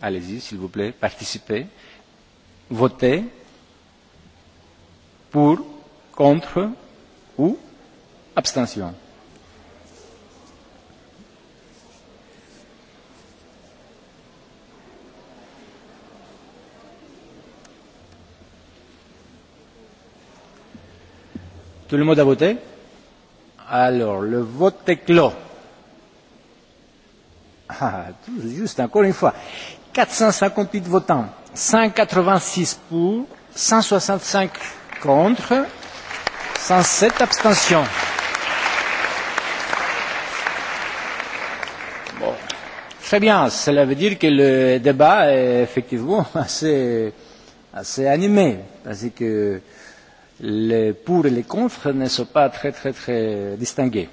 Allez-y, s'il vous plaît, participez. Votez pour, contre, ou abstention. Tout le monde a voté Alors, le vote est clos. Ah, tout juste encore une fois. 458 votants, 186 pour, 165 contre 107 abstentions. Bon. Très bien, cela veut dire que le débat est effectivement assez, assez animé, parce que les pour et les contre ne sont pas très très très distingués.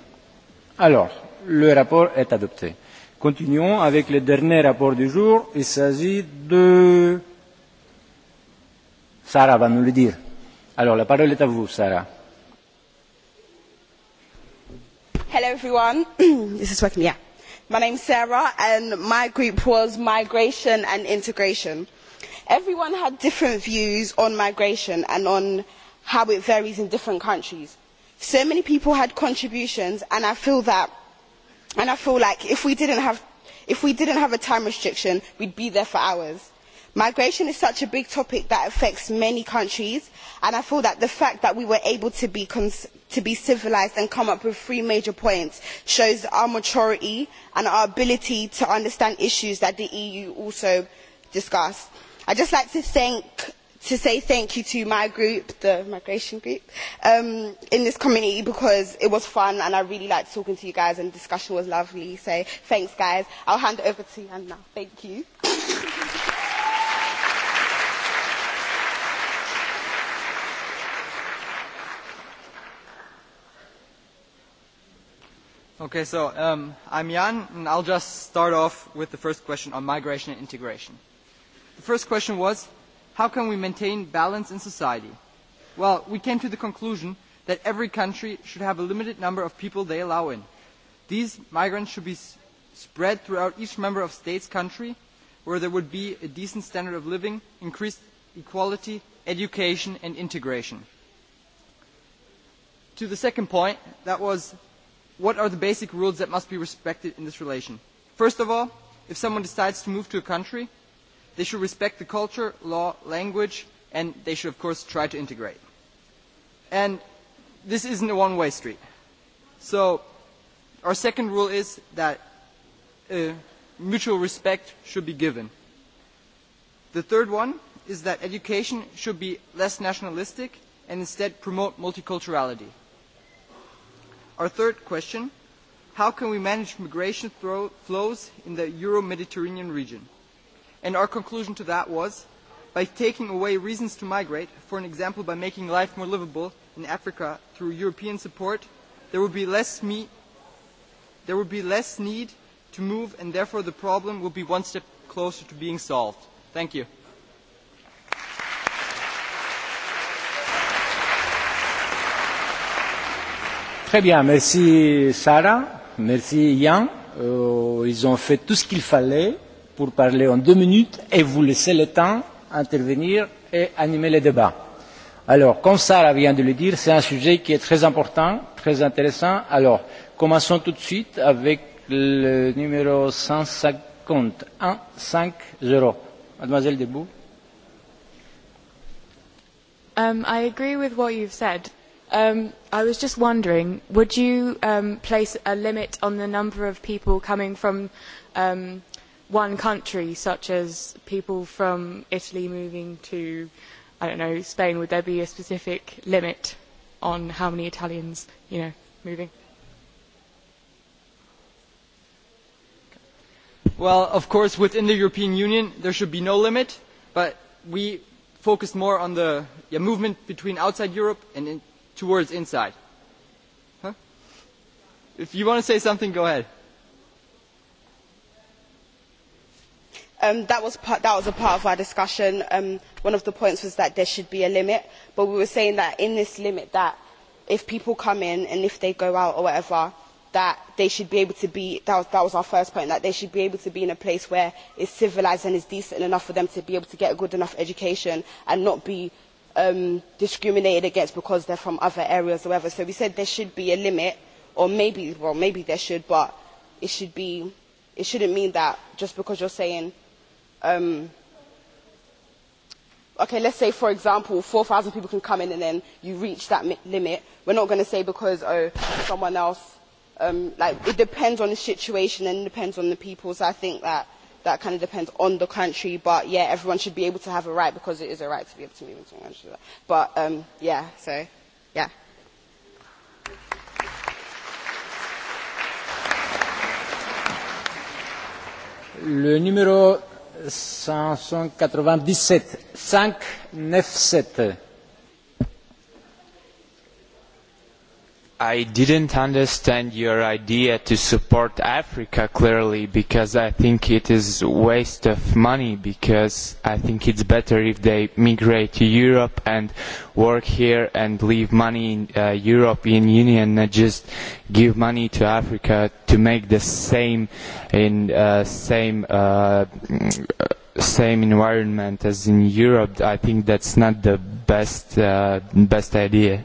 Alors, le rapport est adopté. Continuons avec le dernier rapport du jour. Il s'agit de... Sarah va nous le dire. Alors, la parole est à vous, Sarah. Hello everyone. this is working, yeah. My name's Sarah and my group was migration and integration. Everyone had different views on migration and on how it varies in different countries. So many people had contributions and I feel that and I feel like if we didn't have if we didn't have a time restriction, we'd be there for hours migration is such a big topic that affects many countries and i feel that the fact that we were able to be, to be civilised and come up with three major points shows our maturity and our ability to understand issues that the eu also discussed. i would just like to say thank you to my group, the migration group, um, in this committee because it was fun and I really liked talking to you guys and the discussion was lovely. So thanks guys. I will hand it over to you now. Thank you. Okay, so um, I'm Jan, and I'll just start off with the first question on migration and integration. The first question was, how can we maintain balance in society? Well, we came to the conclusion that every country should have a limited number of people they allow in. These migrants should be spread throughout each member of state's country, where there would be a decent standard of living, increased equality, education, and integration. To the second point, that was what are the basic rules that must be respected in this relation? First of all, if someone decides to move to a country, they should respect the culture, law, language, and they should, of course, try to integrate. And this isn't a one-way street. So our second rule is that uh, mutual respect should be given. The third one is that education should be less nationalistic and instead promote multiculturality. Our third question, how can we manage migration flows in the Euro-Mediterranean region? And our conclusion to that was, by taking away reasons to migrate, for an example, by making life more livable in Africa through European support, there would be less, me there would be less need to move and therefore the problem will be one step closer to being solved. Thank you. Très bien, merci Sarah, merci Yann. Euh, ils ont fait tout ce qu'il fallait pour parler en deux minutes et vous laissez le temps intervenir et animer le débat. Alors, comme Sarah vient de le dire, c'est un sujet qui est très important, très intéressant. Alors, commençons tout de suite avec le numéro 150, 150. Mademoiselle Debout. Um, I agree with what you've said Um, I was just wondering, would you um, place a limit on the number of people coming from um, one country, such as people from Italy moving to, I don't know, Spain? Would there be a specific limit on how many Italians, you know, moving? Well, of course, within the European Union, there should be no limit, but we focused more on the yeah, movement between outside Europe and in towards inside. Huh? If you want to say something, go ahead. Um, that, was part, that was a part of our discussion. Um, one of the points was that there should be a limit, but we were saying that in this limit that if people come in and if they go out or whatever, that they should be able to be, that was, that was our first point, that they should be able to be in a place where it's civilised and it's decent enough for them to be able to get a good enough education and not be um, discriminated against because they're from other areas or whatever. So we said there should be a limit, or maybe, well, maybe there should, but it should be, it shouldn't mean that just because you're saying, um, okay, let's say, for example, 4,000 people can come in and then you reach that limit. We're not going to say because, oh, someone else, um, like, it depends on the situation and it depends on the people. So I think that that kind of depends on the country, but yeah, everyone should be able to have a right because it is a right to be able to move into a country. But um, yeah, so yeah. Le numéro 597, 597. I didn't understand your idea to support Africa clearly because I think it is a waste of money because I think it's better if they migrate to Europe and work here and leave money in uh, European Union and just give money to Africa to make the same in uh, same uh, same environment as in Europe. I think that's not the best uh, best idea.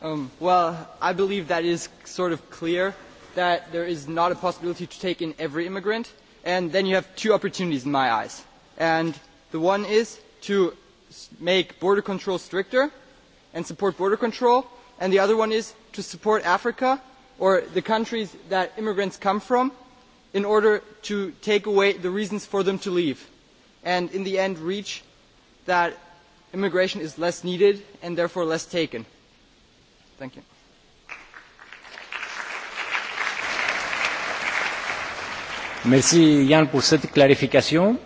Um, well, I believe that is sort of clear that there is not a possibility to take in every immigrant, and then you have two opportunities in my eyes. And the one is to make border control stricter and support border control, and the other one is to support Africa or the countries that immigrants come from in order to take away the reasons for them to leave and in the end reach that immigration is less needed and therefore less taken. Thank you. Merci Yann pour cette clarification.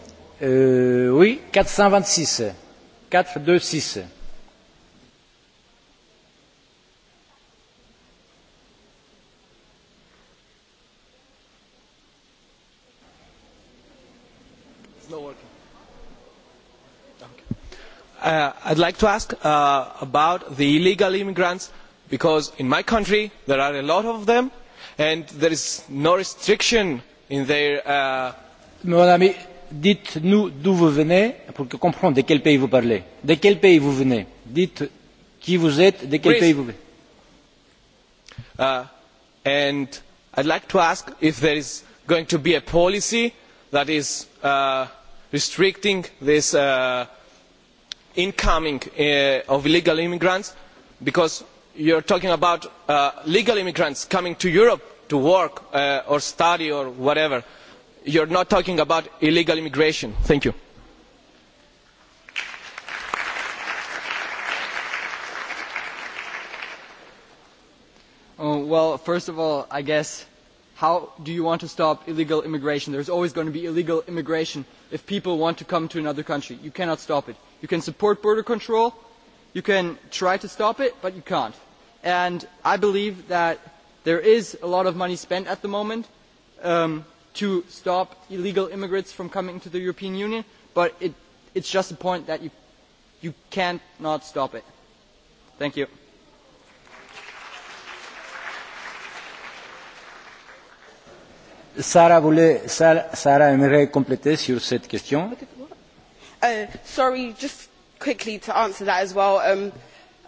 Euh, oui, 426. 426. Uh, I'd like to ask uh, about the illegal immigrants because in my country there are a lot of them and there is no restriction in their. Uh... Mon ami, dites-nous d'où vous venez pour que comprendre de quel pays vous parlez. De quel pays vous venez Dites qui vous êtes, de quel Greece. pays vous venez. Uh, and I'd like to ask if there is going to be a policy that is uh, restricting this uh, incoming uh, of illegal immigrants because you are talking about uh, legal immigrants coming to Europe to work uh, or study or whatever. You are not talking about illegal immigration. Thank you. Oh, well, first of all, I guess, how do you want to stop illegal immigration? There is always going to be illegal immigration if people want to come to another country. You cannot stop it. You can support border control, You can try to stop it, but you can't. And I believe that there is a lot of money spent at the moment um, to stop illegal immigrants from coming to the European Union, but it, it's just a point that you, you can't not stop it. Thank you. Sarah, Sarah, Sarah aimerait compléter sur cette question. Uh, sorry, just quickly to answer that as well. Um,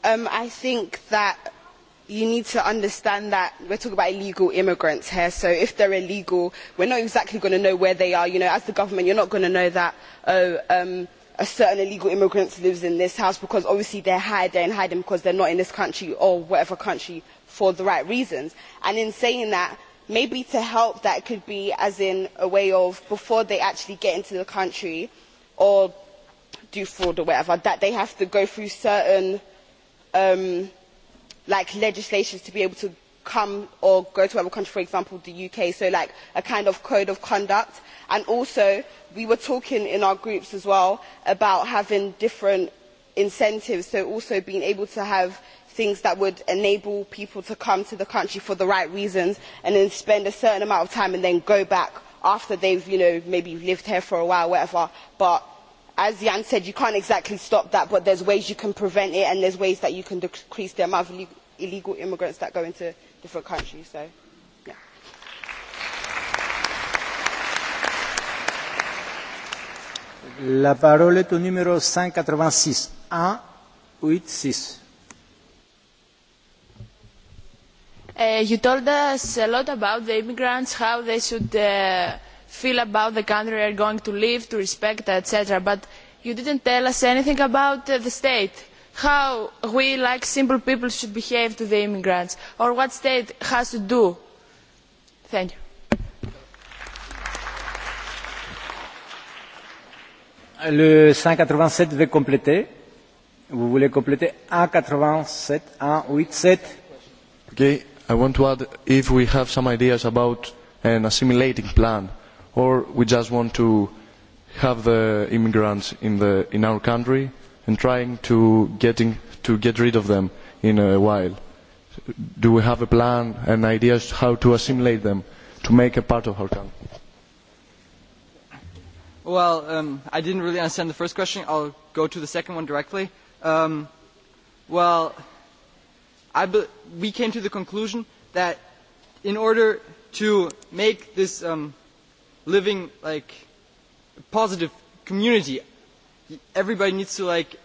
um, I think that you need to understand that we're talking about illegal immigrants here. So if they're illegal, we're not exactly going to know where they are. You know, as the government, you're not going to know that, oh, um, a certain illegal immigrant lives in this house because obviously they're hiding and hiding because they're not in this country or whatever country for the right reasons. And in saying that, maybe to help that could be as in a way of before they actually get into the country or do fraud or whatever, that they have to go through certain um, like legislations to be able to come or go to other country, for example, the UK, so like a kind of code of conduct. And also, we were talking in our groups as well about having different incentives, so also being able to have things that would enable people to come to the country for the right reasons and then spend a certain amount of time and then go back after they've, you know, maybe lived here for a while, whatever, but as Jan said, you can't exactly stop that, but there's ways you can prevent it and there's ways that you can decrease the amount of illegal immigrants that go into different countries. So, yeah. La parole est au numéro 186. 186. Uh, you told us a lot about the immigrants, how they should uh, feel about the country you are going to live, to respect, etc. But you didn't tell us anything about uh, the state, how we, like simple people, should behave to the immigrants, or what state has to do. Thank you. Le 187 veut compléter. Vous voulez compléter 187, 187. Okay, I want to add if we have some ideas about an assimilating plan or we just want to have the immigrants in, the, in our country and trying to, getting, to get rid of them in a while? Do we have a plan and ideas how to assimilate them to make a part of our country? Well, um, I didn't really understand the first question. I'll go to the second one directly. Um, well, I we came to the conclusion that in order to make this um, living like a positive community. Everybody needs to like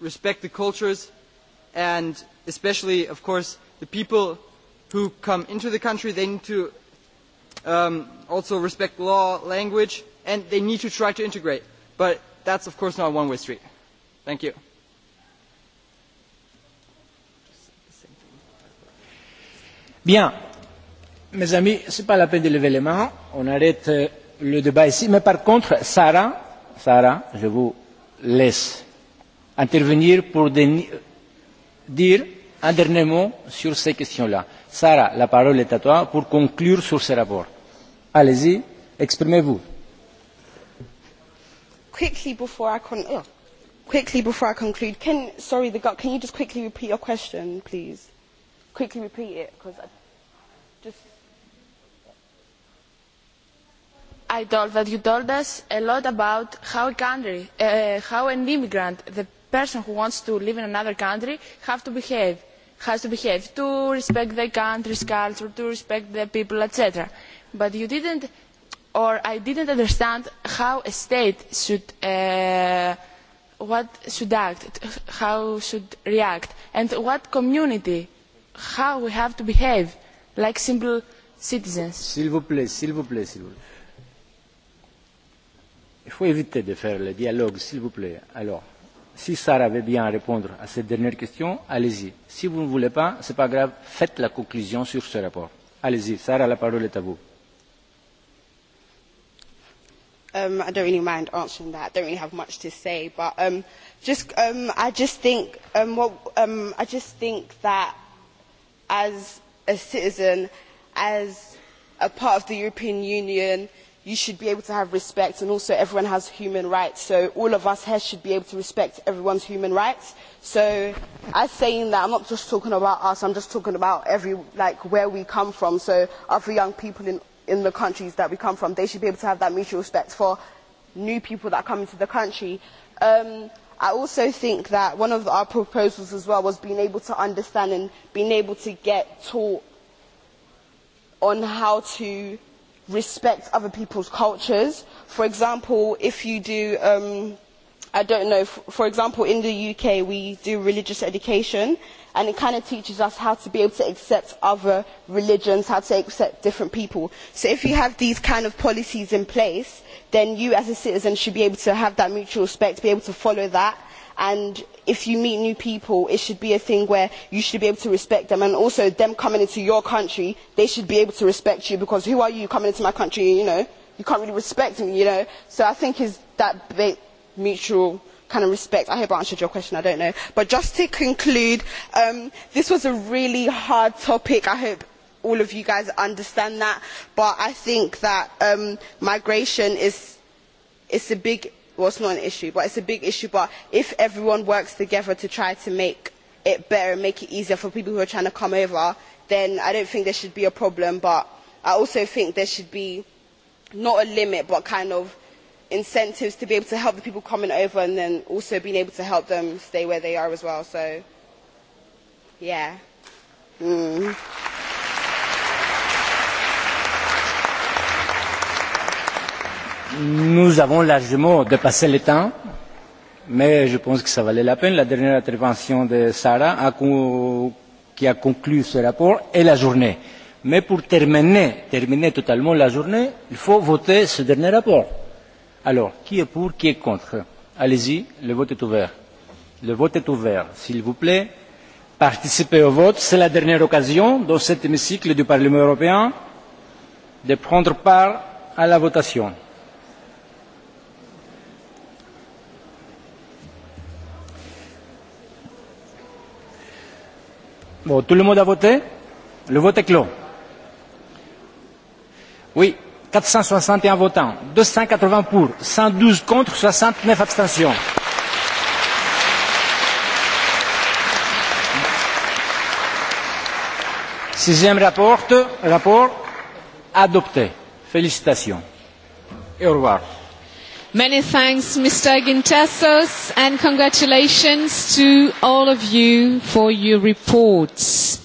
respect the cultures and especially of course the people who come into the country they need to um, also respect law, language and they need to try to integrate. But that's of course not a one-way street. Thank you. Bien, Mes amis, ce n'est pas la peine de lever les mains. On arrête euh, le débat ici. Mais par contre, Sarah, Sarah, je vous laisse intervenir pour dire un dernier mot sur ces questions-là. Sarah, la parole est à toi pour conclure sur ce rapport. Allez-y, exprimez-vous. Quickly before I con oh, quickly before I conclude, can sorry the God, can you just quickly repeat your question, please? Quickly repeat it because. I I told that you told us a lot about how a country, uh, how an immigrant, the person who wants to live in another country, have to behave, has to behave to respect the country's culture, to respect the people, etc. But you didn't, or I didn't understand how a state should, uh, what should act, how should react, and what community, how we have to behave, like simple citizens. S'il vous plaît, s'il vous plaît, s'il vous plaît faut éviter de faire le dialogue, s'il vous plaît. Alors, si Sarah veut bien répondre à cette dernière question, allez-y. Si vous ne voulez pas, ce n'est pas grave, faites la conclusion sur ce rapport. Allez-y, Sarah, la parole est à vous. Um, I don't really mind answering that. I don't really have much to say, but um, just um, I just think um, what um, I just think that as a citizen, as a part of the European Union, you should be able to have respect and also everyone has human rights. So all of us here should be able to respect everyone's human rights. So I saying that, I'm not just talking about us, I'm just talking about every, like where we come from. So other young people in, in the countries that we come from, they should be able to have that mutual respect for new people that come into the country. Um, I also think that one of our proposals as well was being able to understand and being able to get taught on how to respect other people's cultures. For example, if you do, um, I don't know, for example, in the UK we do religious education and it kind of teaches us how to be able to accept other religions, how to accept different people. So if you have these kind of policies in place, then you as a citizen should be able to have that mutual respect, be able to follow that and if you meet new people it should be a thing where you should be able to respect them and also them coming into your country they should be able to respect you because who are you coming into my country you know you can't really respect me you know so I think it's that big mutual kind of respect. I hope I answered your question, I don't know. But just to conclude, um, this was a really hard topic. I hope all of you guys understand that. But I think that um, migration is, is a big well not an issue but it is a big issue but if everyone works together to try to make it better and make it easier for people who are trying to come over then I don't think there should be a problem but I also think there should be not a limit but kind of incentives to be able to help the people coming over and then also being able to help them stay where they are as well so yeah mm. Nous avons largement dépassé le temps, mais je pense que ça valait la peine. La dernière intervention de Sarah, a con... qui a conclu ce rapport, est la journée. Mais pour terminer, terminer totalement la journée, il faut voter ce dernier rapport. Alors, qui est pour, qui est contre Allez-y, le vote est ouvert. Le vote est ouvert. S'il vous plaît, participez au vote. C'est la dernière occasion dans cet hémicycle du Parlement européen de prendre part à la votation. Bon, tout le monde a voté Le vote est clos. Oui, 461 votants, 280 pour, 112 contre, 69 abstentions. Sixième rapport, rapport adopté. Félicitations et au revoir. Many thanks, Mr. Gintasos, and congratulations to all of you for your reports.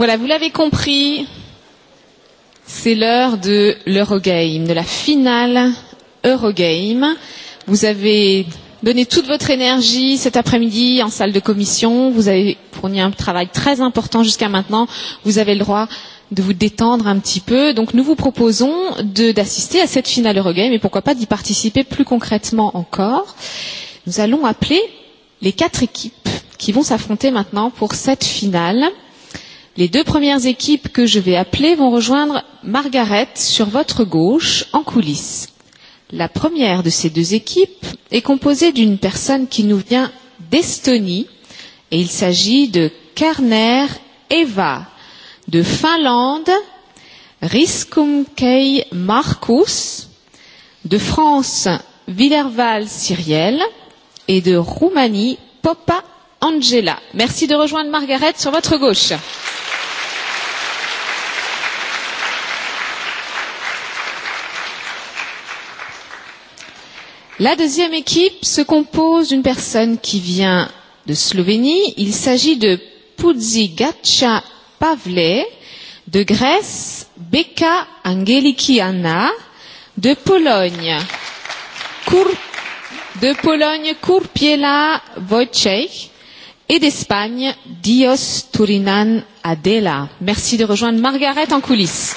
Voilà, vous l'avez compris, c'est l'heure de l'Eurogame, de la finale Eurogame. Vous avez donné toute votre énergie cet après-midi en salle de commission. Vous avez fourni un travail très important jusqu'à maintenant. Vous avez le droit de vous détendre un petit peu. Donc nous vous proposons d'assister à cette finale Eurogame et pourquoi pas d'y participer plus concrètement encore. Nous allons appeler les quatre équipes qui vont s'affronter maintenant pour cette finale. Les deux premières équipes que je vais appeler vont rejoindre Margaret sur votre gauche en coulisses. La première de ces deux équipes est composée d'une personne qui nous vient d'Estonie et il s'agit de Karner Eva de Finlande, Riskumkei Markus de France Villerval Cyriel et de Roumanie Popa Angela. Merci de rejoindre Margaret sur votre gauche. La deuxième équipe se compose d'une personne qui vient de Slovénie. Il s'agit de Pudzigatcha Pavle, de Grèce, Beka Angelikiana, de Pologne, Kur, de Pologne Kurpiela Wojciech, et d'Espagne, Dios Turinan Adela. Merci de rejoindre Margaret en coulisses.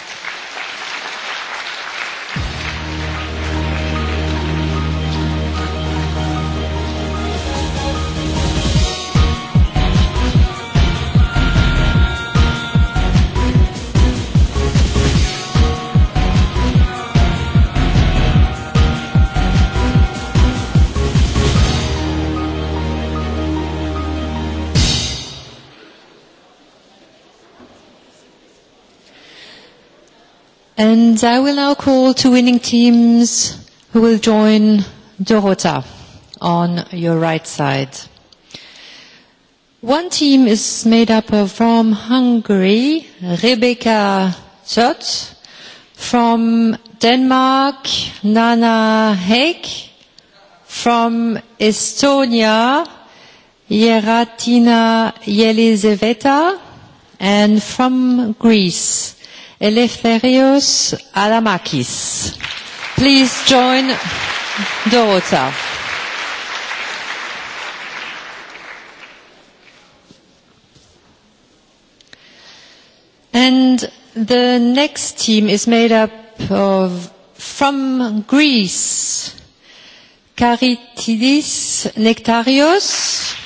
And I will now call two winning teams who will join Dorota on your right side. One team is made up of from Hungary, Rebecca Zott, from Denmark, Nana Heik, from Estonia, Yeratina Yelizaveta, and from Greece, Eleftherios Alamakis. Please join Dorota. And the next team is made up of, from Greece, Karitidis Nectarios.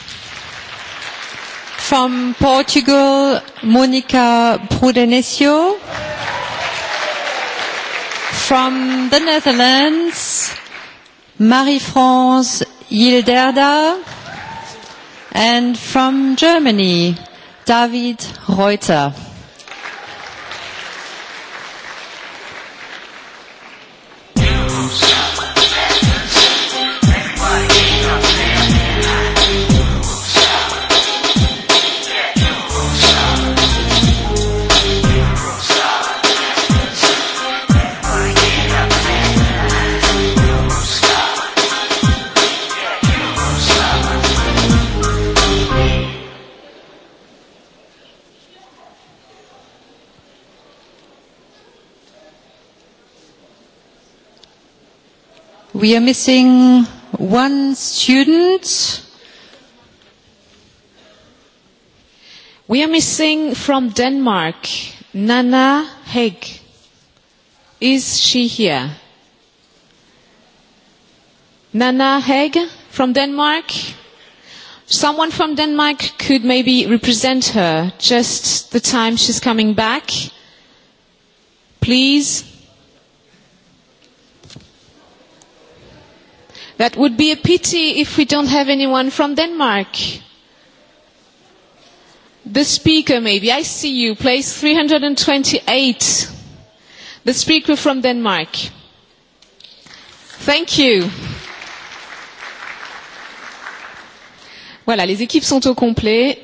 From Portugal, Monica Prudenesio. From the Netherlands, Marie-France Yilderda. And from Germany, David Reuter. We are missing one student. We are missing from Denmark, Nana Heg. Is she here? Nana Heg from Denmark? Someone from Denmark could maybe represent her just the time she's coming back. Please. That would be a pity if we don't have anyone from Denmark. The speaker, maybe. I see you. Place 328. The speaker from Denmark. Thank you. Voilà, les équipes sont au complet,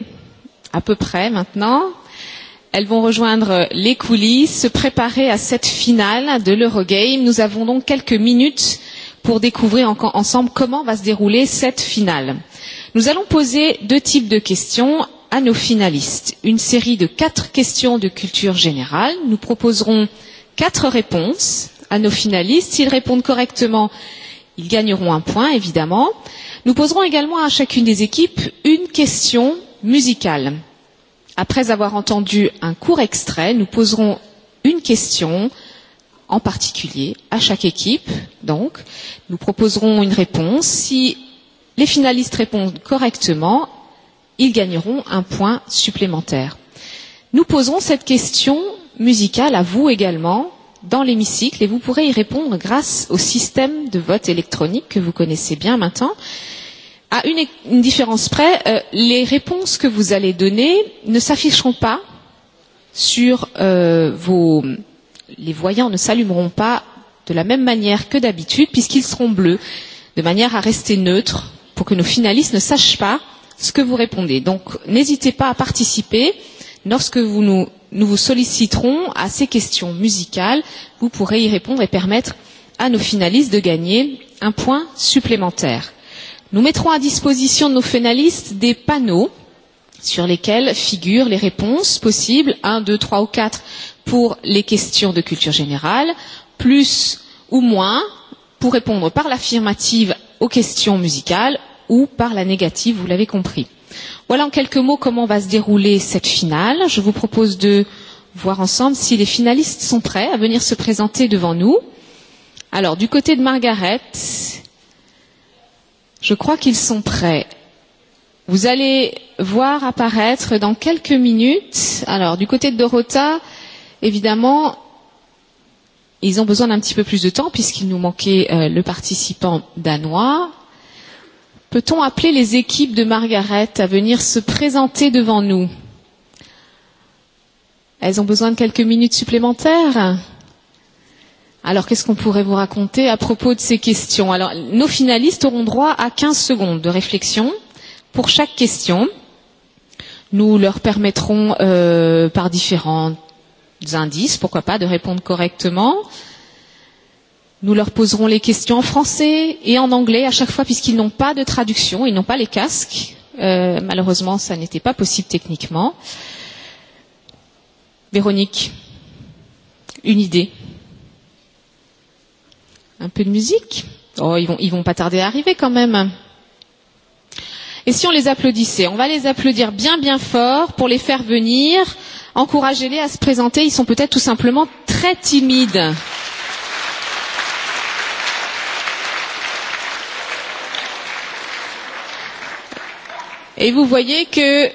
à peu près maintenant. Elles vont rejoindre les coulisses, se préparer à cette finale de l'Eurogame. Nous avons donc quelques minutes pour découvrir en ensemble comment va se dérouler cette finale. Nous allons poser deux types de questions à nos finalistes. Une série de quatre questions de culture générale. Nous proposerons quatre réponses à nos finalistes. S'ils répondent correctement, ils gagneront un point, évidemment. Nous poserons également à chacune des équipes une question musicale. Après avoir entendu un court extrait, nous poserons une question en particulier à chaque équipe. Donc, nous proposerons une réponse. Si les finalistes répondent correctement, ils gagneront un point supplémentaire. Nous poserons cette question musicale à vous également dans l'hémicycle et vous pourrez y répondre grâce au système de vote électronique que vous connaissez bien maintenant. À une, une différence près, euh, les réponses que vous allez donner ne s'afficheront pas sur euh, vos les voyants ne s'allumeront pas de la même manière que d'habitude puisqu'ils seront bleus, de manière à rester neutre pour que nos finalistes ne sachent pas ce que vous répondez. Donc n'hésitez pas à participer. Lorsque vous nous, nous vous solliciterons à ces questions musicales, vous pourrez y répondre et permettre à nos finalistes de gagner un point supplémentaire. Nous mettrons à disposition de nos finalistes des panneaux sur lesquels figurent les réponses possibles, 1, 2, 3 ou 4 pour les questions de culture générale, plus ou moins pour répondre par l'affirmative aux questions musicales ou par la négative, vous l'avez compris. Voilà en quelques mots comment va se dérouler cette finale. Je vous propose de voir ensemble si les finalistes sont prêts à venir se présenter devant nous. Alors, du côté de Margaret, je crois qu'ils sont prêts. Vous allez voir apparaître dans quelques minutes. Alors, du côté de Dorota, Évidemment, ils ont besoin d'un petit peu plus de temps puisqu'il nous manquait euh, le participant danois. Peut-on appeler les équipes de Margaret à venir se présenter devant nous Elles ont besoin de quelques minutes supplémentaires alors, qu'est-ce qu'on pourrait vous raconter à propos de ces questions Alors, nos finalistes auront droit à 15 secondes de réflexion pour chaque question. Nous leur permettrons, euh, par différentes indices, pourquoi pas, de répondre correctement. Nous leur poserons les questions en français et en anglais à chaque fois, puisqu'ils n'ont pas de traduction, ils n'ont pas les casques. Euh, malheureusement, ça n'était pas possible techniquement. Véronique, une idée Un peu de musique Oh, ils vont, ils vont pas tarder à arriver quand même. Et si on les applaudissait On va les applaudir bien bien fort pour les faire venir encouragez-les à se présenter. Ils sont peut-être tout simplement très timides. Et vous voyez que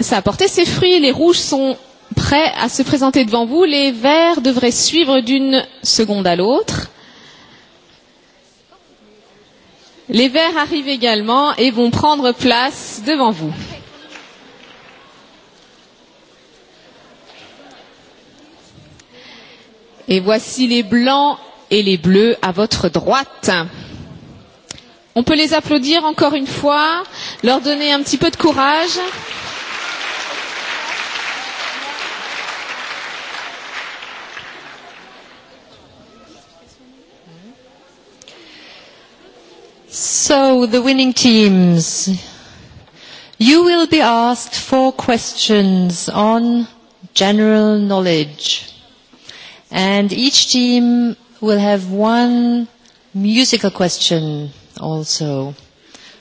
ça a porté ses fruits. Les rouges sont prêts à se présenter devant vous. Les verts devraient suivre d'une seconde à l'autre. Les verts arrivent également et vont prendre place devant vous. Et voici les blancs et les bleus à votre droite. On peut les applaudir encore une fois, leur donner un petit peu de courage. So, the winning teams, you will be asked four questions on general knowledge. And each team will have one musical question also.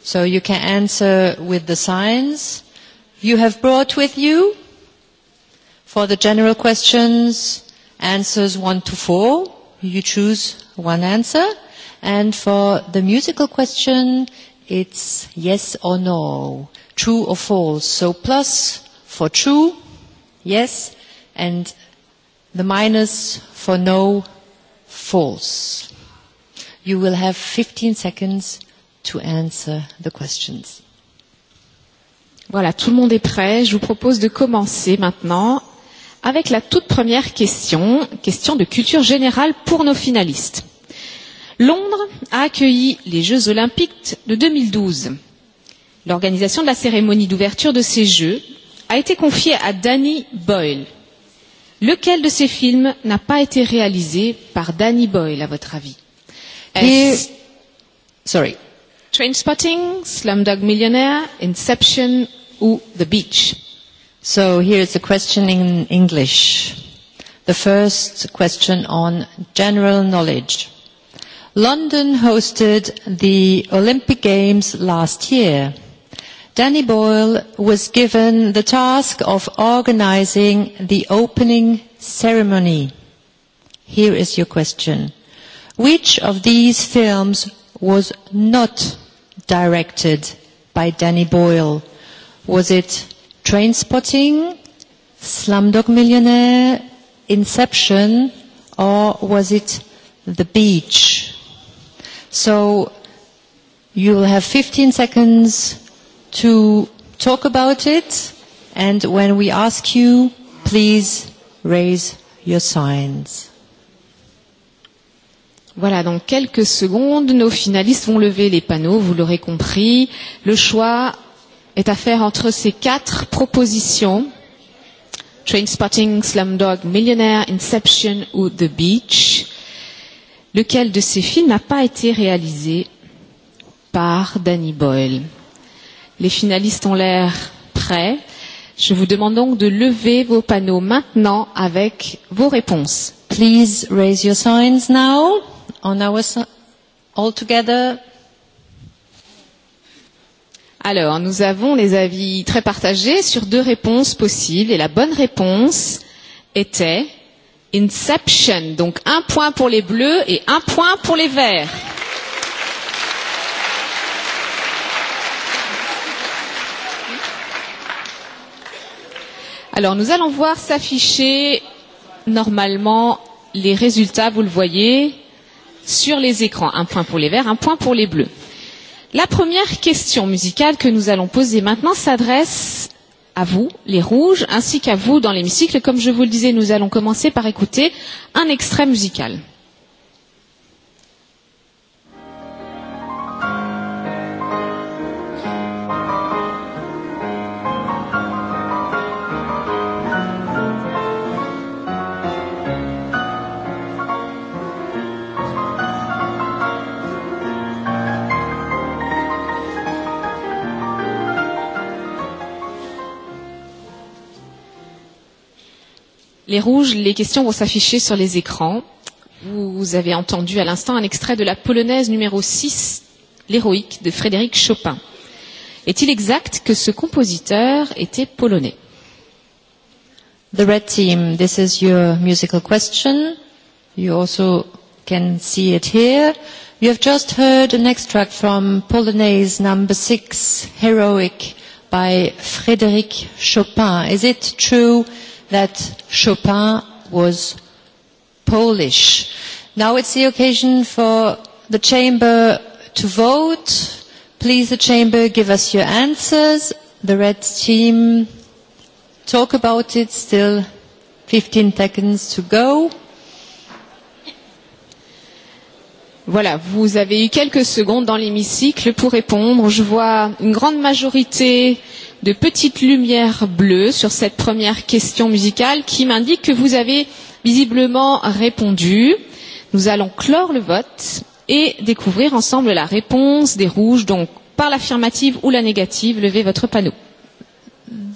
So you can answer with the signs you have brought with you. For the general questions, answers one to four, you choose one answer. And for the musical question, it's yes or no, true or false. So plus for true, yes, and the minus for no false. You will have 15 seconds to answer the questions. Voilà, tout le monde est prêt. Je vous propose de commencer maintenant avec la toute première question, question de culture générale pour nos finalistes. Londres a accueilli les Jeux olympiques de 2012. L'organisation de la cérémonie d'ouverture de ces Jeux a été confiée à Danny Boyle. Lequel de ces films n'a pas été réalisé par Danny Boyle, à votre avis Et... Sorry. Trainspotting, Slumdog Millionaire, Inception ou The Beach So here is a question in English. The first question on general knowledge. London hosted the Olympic Games last year. Danny Boyle was given the task of organizing the opening ceremony. Here is your question. Which of these films was not directed by Danny Boyle? Was it Train Spotting, Slumdog Millionaire, Inception, or was it The Beach? So you will have 15 seconds to talk about it. And when we ask you, please raise your signs. Voilà, dans quelques secondes, nos finalistes vont lever les panneaux, vous l'aurez compris. Le choix est à faire entre ces quatre propositions. Trainspotting, Slumdog, Millionaire, Inception ou The Beach. Lequel de ces films n'a pas été réalisé par Danny Boyle Les finalistes ont l'air prêts. Je vous demande donc de lever vos panneaux maintenant avec vos réponses. Please raise your signs now on our all together. Alors, nous avons les avis très partagés sur deux réponses possibles et la bonne réponse était Inception. Donc un point pour les bleus et un point pour les verts. Alors nous allons voir s'afficher normalement les résultats, vous le voyez, sur les écrans. Un point pour les verts, un point pour les bleus. La première question musicale que nous allons poser maintenant s'adresse à vous, les rouges, ainsi qu'à vous dans l'hémicycle. Comme je vous le disais, nous allons commencer par écouter un extrait musical. Les rouges, les questions vont s'afficher sur les écrans. Vous avez entendu à l'instant un extrait de la polonaise numéro 6, L'héroïque, de Frédéric Chopin. Est-il exact que ce compositeur était polonais The red team, this is your musical question. You also can see it here. You have just heard an extract from Polonaise number 6, Heroic, by Frédéric Chopin. Is it true that Chopin was Polish. Now it's the occasion for the chamber to vote. Please, the chamber, give us your answers. The red team, talk about it. Still 15 seconds to go. Voilà, vous avez eu quelques secondes dans l'hémicycle pour répondre. Je vois une grande majorité euh, de petites lumières bleues sur cette première question musicale qui m'indique que vous avez visiblement répondu. Nous allons clore le vote et découvrir ensemble la réponse des rouges, donc par l'affirmative ou la négative, levez votre panneau.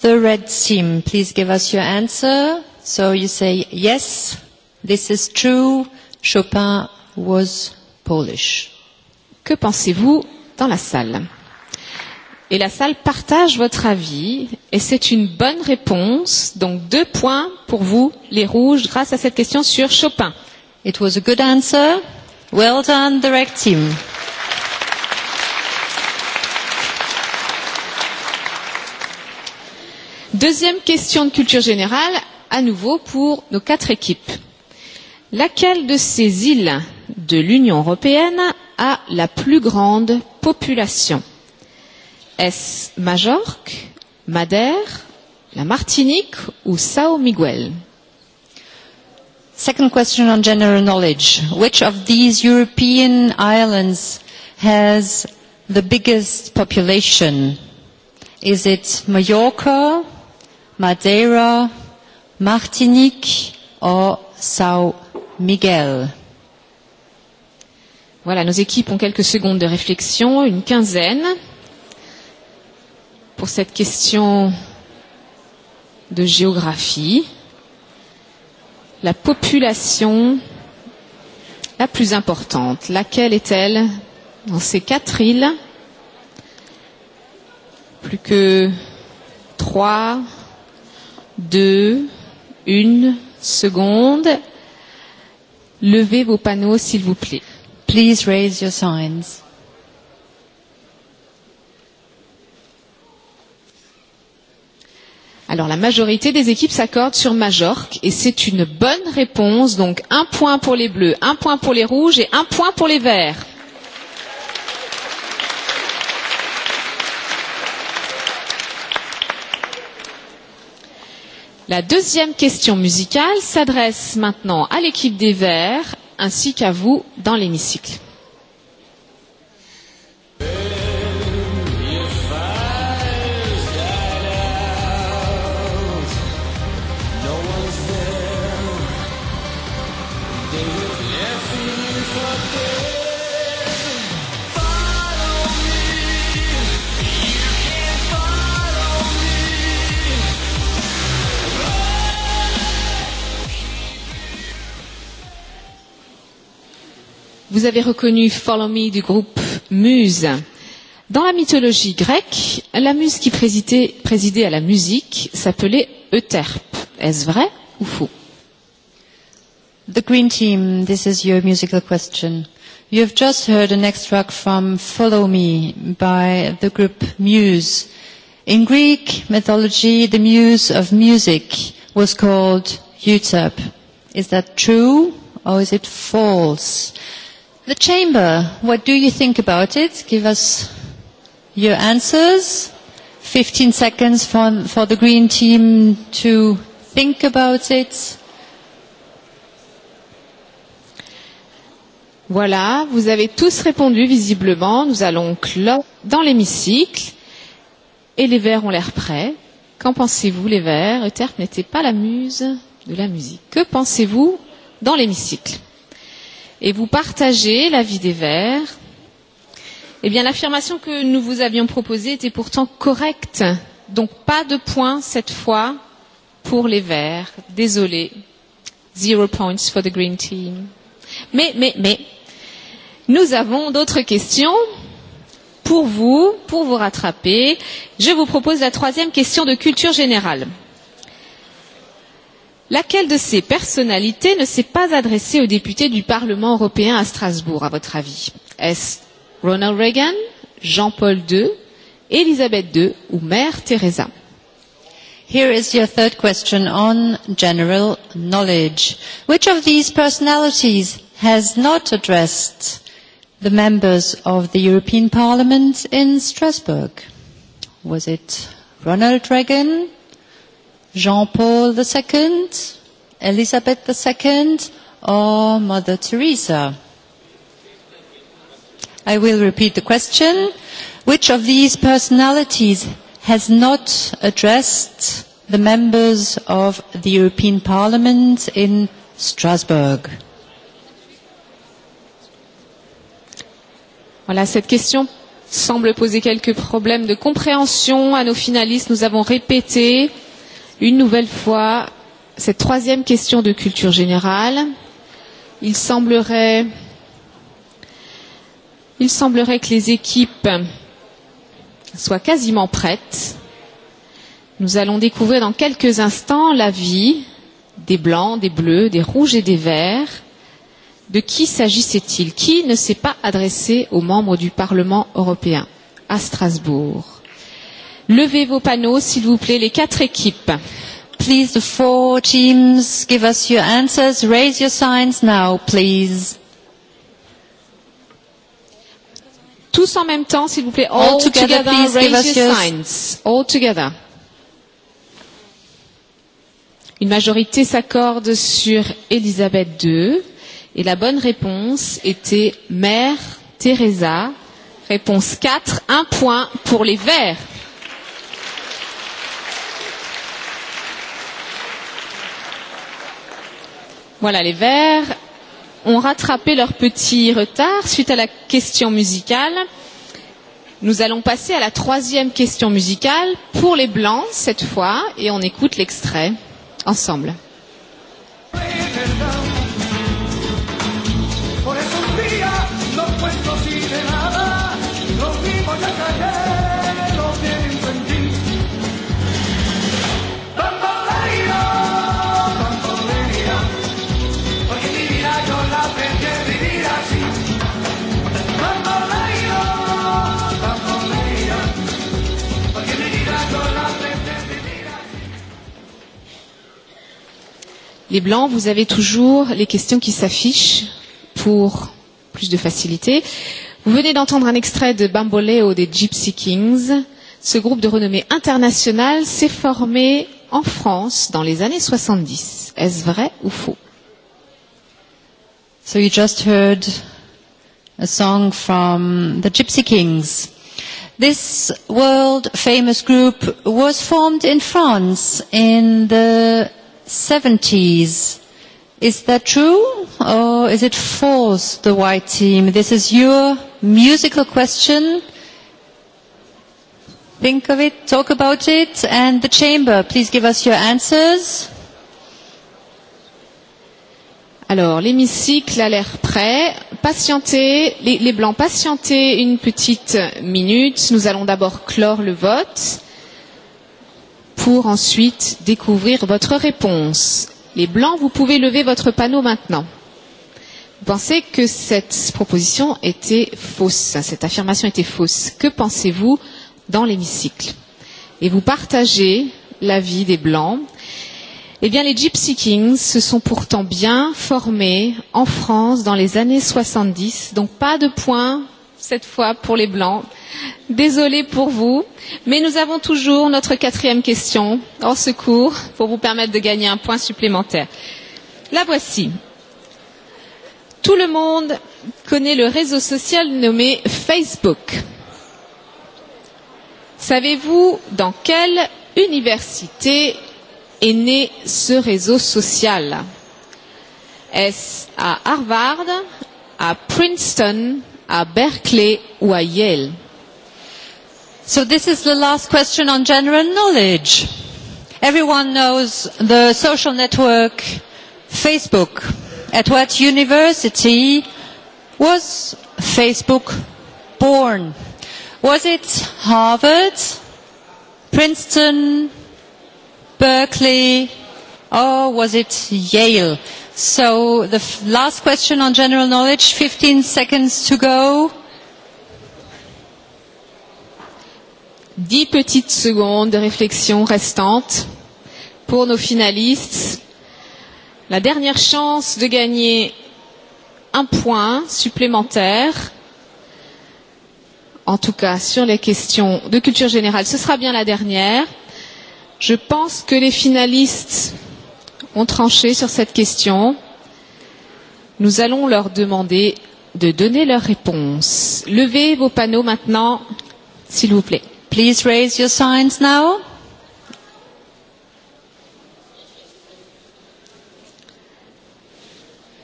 The red team, please give us your answer. So you say yes, this is true, Chopin was Polish. Que pensez-vous dans la salle? et la salle partage votre avis et c'est une bonne réponse. Donc deux points pour vous, les rouges, grâce à cette question sur Chopin. It was a good answer. Well done, the red team. Deuxième question de culture générale, à nouveau pour nos quatre équipes. Laquelle de ces îles de l'Union européenne a la plus grande population es Majorque, Madère, la Martinique ou Sao Miguel? Second question on general knowledge. Which of these European islands has the biggest population? Is it Mallorca, Madeira, Martinique or Sao Miguel? Voilà, nos équipes ont quelques secondes de réflexion, une quinzaine pour cette question de géographie. La population la plus importante, laquelle est-elle dans ces quatre îles Plus que trois, deux, une seconde. Levez vos panneaux, s'il vous plaît. Please raise your signs. Alors la majorité des équipes s'accordent sur Majorque et c'est une bonne réponse. Donc un point pour les bleus, un point pour les rouges et un point pour les verts. La deuxième question musicale s'adresse maintenant à l'équipe des Verts ainsi qu'à vous dans l'hémicycle. Vous avez reconnu Follow Me du groupe Muse. Dans la mythologie grecque, la muse qui présidait, présidait à la musique s'appelait Euterpe. Est-ce vrai ou faux The Green Team, this is your musical question. You have just heard an extract from Follow Me by the group Muse. In Greek mythology, the muse of music was called Euterpe. Is that true or is it false? The Chamber, what do you think about it? Give us your answers. 15 seconds for, for the Green Team to think about it. Voilà, vous avez tous répondu visiblement. Nous allons clore dans l'hémicycle. Et les verts ont l'air prêts. Qu'en pensez-vous, les verts Euterpe n'était pas la muse de la musique. Que pensez-vous dans l'hémicycle et vous partagez l'avis des Verts, eh bien l'affirmation que nous vous avions proposée était pourtant correcte. Donc pas de points cette fois pour les Verts. Désolé. Zero points for the Green Team. Mais, mais, mais, nous avons d'autres questions pour vous, pour vous rattraper. Je vous propose la troisième question de culture générale. Laquelle de ces personnalités ne s'est pas adressée aux députés du Parlement européen à Strasbourg, à votre avis Est-ce Ronald Reagan, Jean-Paul II, Elisabeth II ou Mère Teresa Here is your third question on general knowledge. Which of these personalities has not addressed the members of the European Parliament in Strasbourg? Was it Ronald Reagan, Jean-Paul II, Elizabeth II, or Mother Teresa? I will repeat the question. Which of these personalities has not addressed the members of the European Parliament in Strasbourg? Voilà, cette question semble poser quelques problèmes de compréhension à nos finalistes. Nous avons répété euh, une nouvelle fois cette troisième question de culture générale. Il semblerait, il semblerait que les équipes soient quasiment prêtes. Nous allons découvrir dans quelques instants la vie des blancs, des bleus, des rouges et des verts. De qui s'agissait-il Qui ne s'est pas adressé aux membres du Parlement européen à Strasbourg Levez vos panneaux, s'il vous plaît, les quatre équipes. Please, the four teams, give us your answers. Raise your signs now, please. Tous en même temps, s'il vous plaît. All, All together, together please raise give us your signs. All together. Une majorité s'accorde sur Elisabeth II et la bonne réponse était Mère Teresa. Réponse 4, un point pour les Verts. Voilà, les Verts ont rattrapé leur petit retard suite à la question musicale. Nous allons passer à la troisième question musicale pour les Blancs cette fois et on écoute l'extrait ensemble. Les blancs, vous avez toujours les questions qui s'affichent pour plus de facilité. Vous venez d'entendre un extrait de Bamboleo des Gypsy Kings. Ce groupe de renommée internationale s'est formé en France dans les années 70. Est-ce vrai ou faux So you just heard a song from the Gypsy Kings. This world famous group was formed in France in the 70s. Is that true or is it false, the white team? This is your musical question. Think of it, talk about it, and the chamber, please give us your answers. Alors, l'hémicycle a l'air prêt. Patientez, les, les blancs, patientez une petite minute. Nous allons d'abord clore le vote pour ensuite découvrir votre réponse. Les blancs, vous pouvez lever votre panneau maintenant. Vous pensez que cette proposition était fausse, cette affirmation était fausse. Que pensez-vous dans l'hémicycle Et vous partagez l'avis des blancs. Eh bien, les Gypsy Kings se sont pourtant bien formés en France dans les années 70, donc pas de points cette fois pour les Blancs. Désolée pour vous, mais nous avons toujours notre quatrième question en secours pour vous permettre de gagner un point supplémentaire. La voici. Tout le monde connaît le réseau social nommé Facebook. Savez-vous dans quelle université est né ce réseau social Est-ce à Harvard, à Princeton A Berkeley ou à Yale. So this is the last question on general knowledge. Everyone knows the social network Facebook. At what university was Facebook born? Was it Harvard, Princeton, Berkeley, or was it Yale? So the f last question on general knowledge, 15 seconds to go. 10 petites secondes de réflexion restantes pour nos finalistes. La dernière chance de gagner un point supplémentaire, en tout cas sur les questions de culture générale, ce sera bien la dernière. Je pense que les finalistes ont tranché sur cette question. Nous allons leur demander de donner leur réponse. Levez vos panneaux maintenant, s'il vous plaît. Please raise your signs now.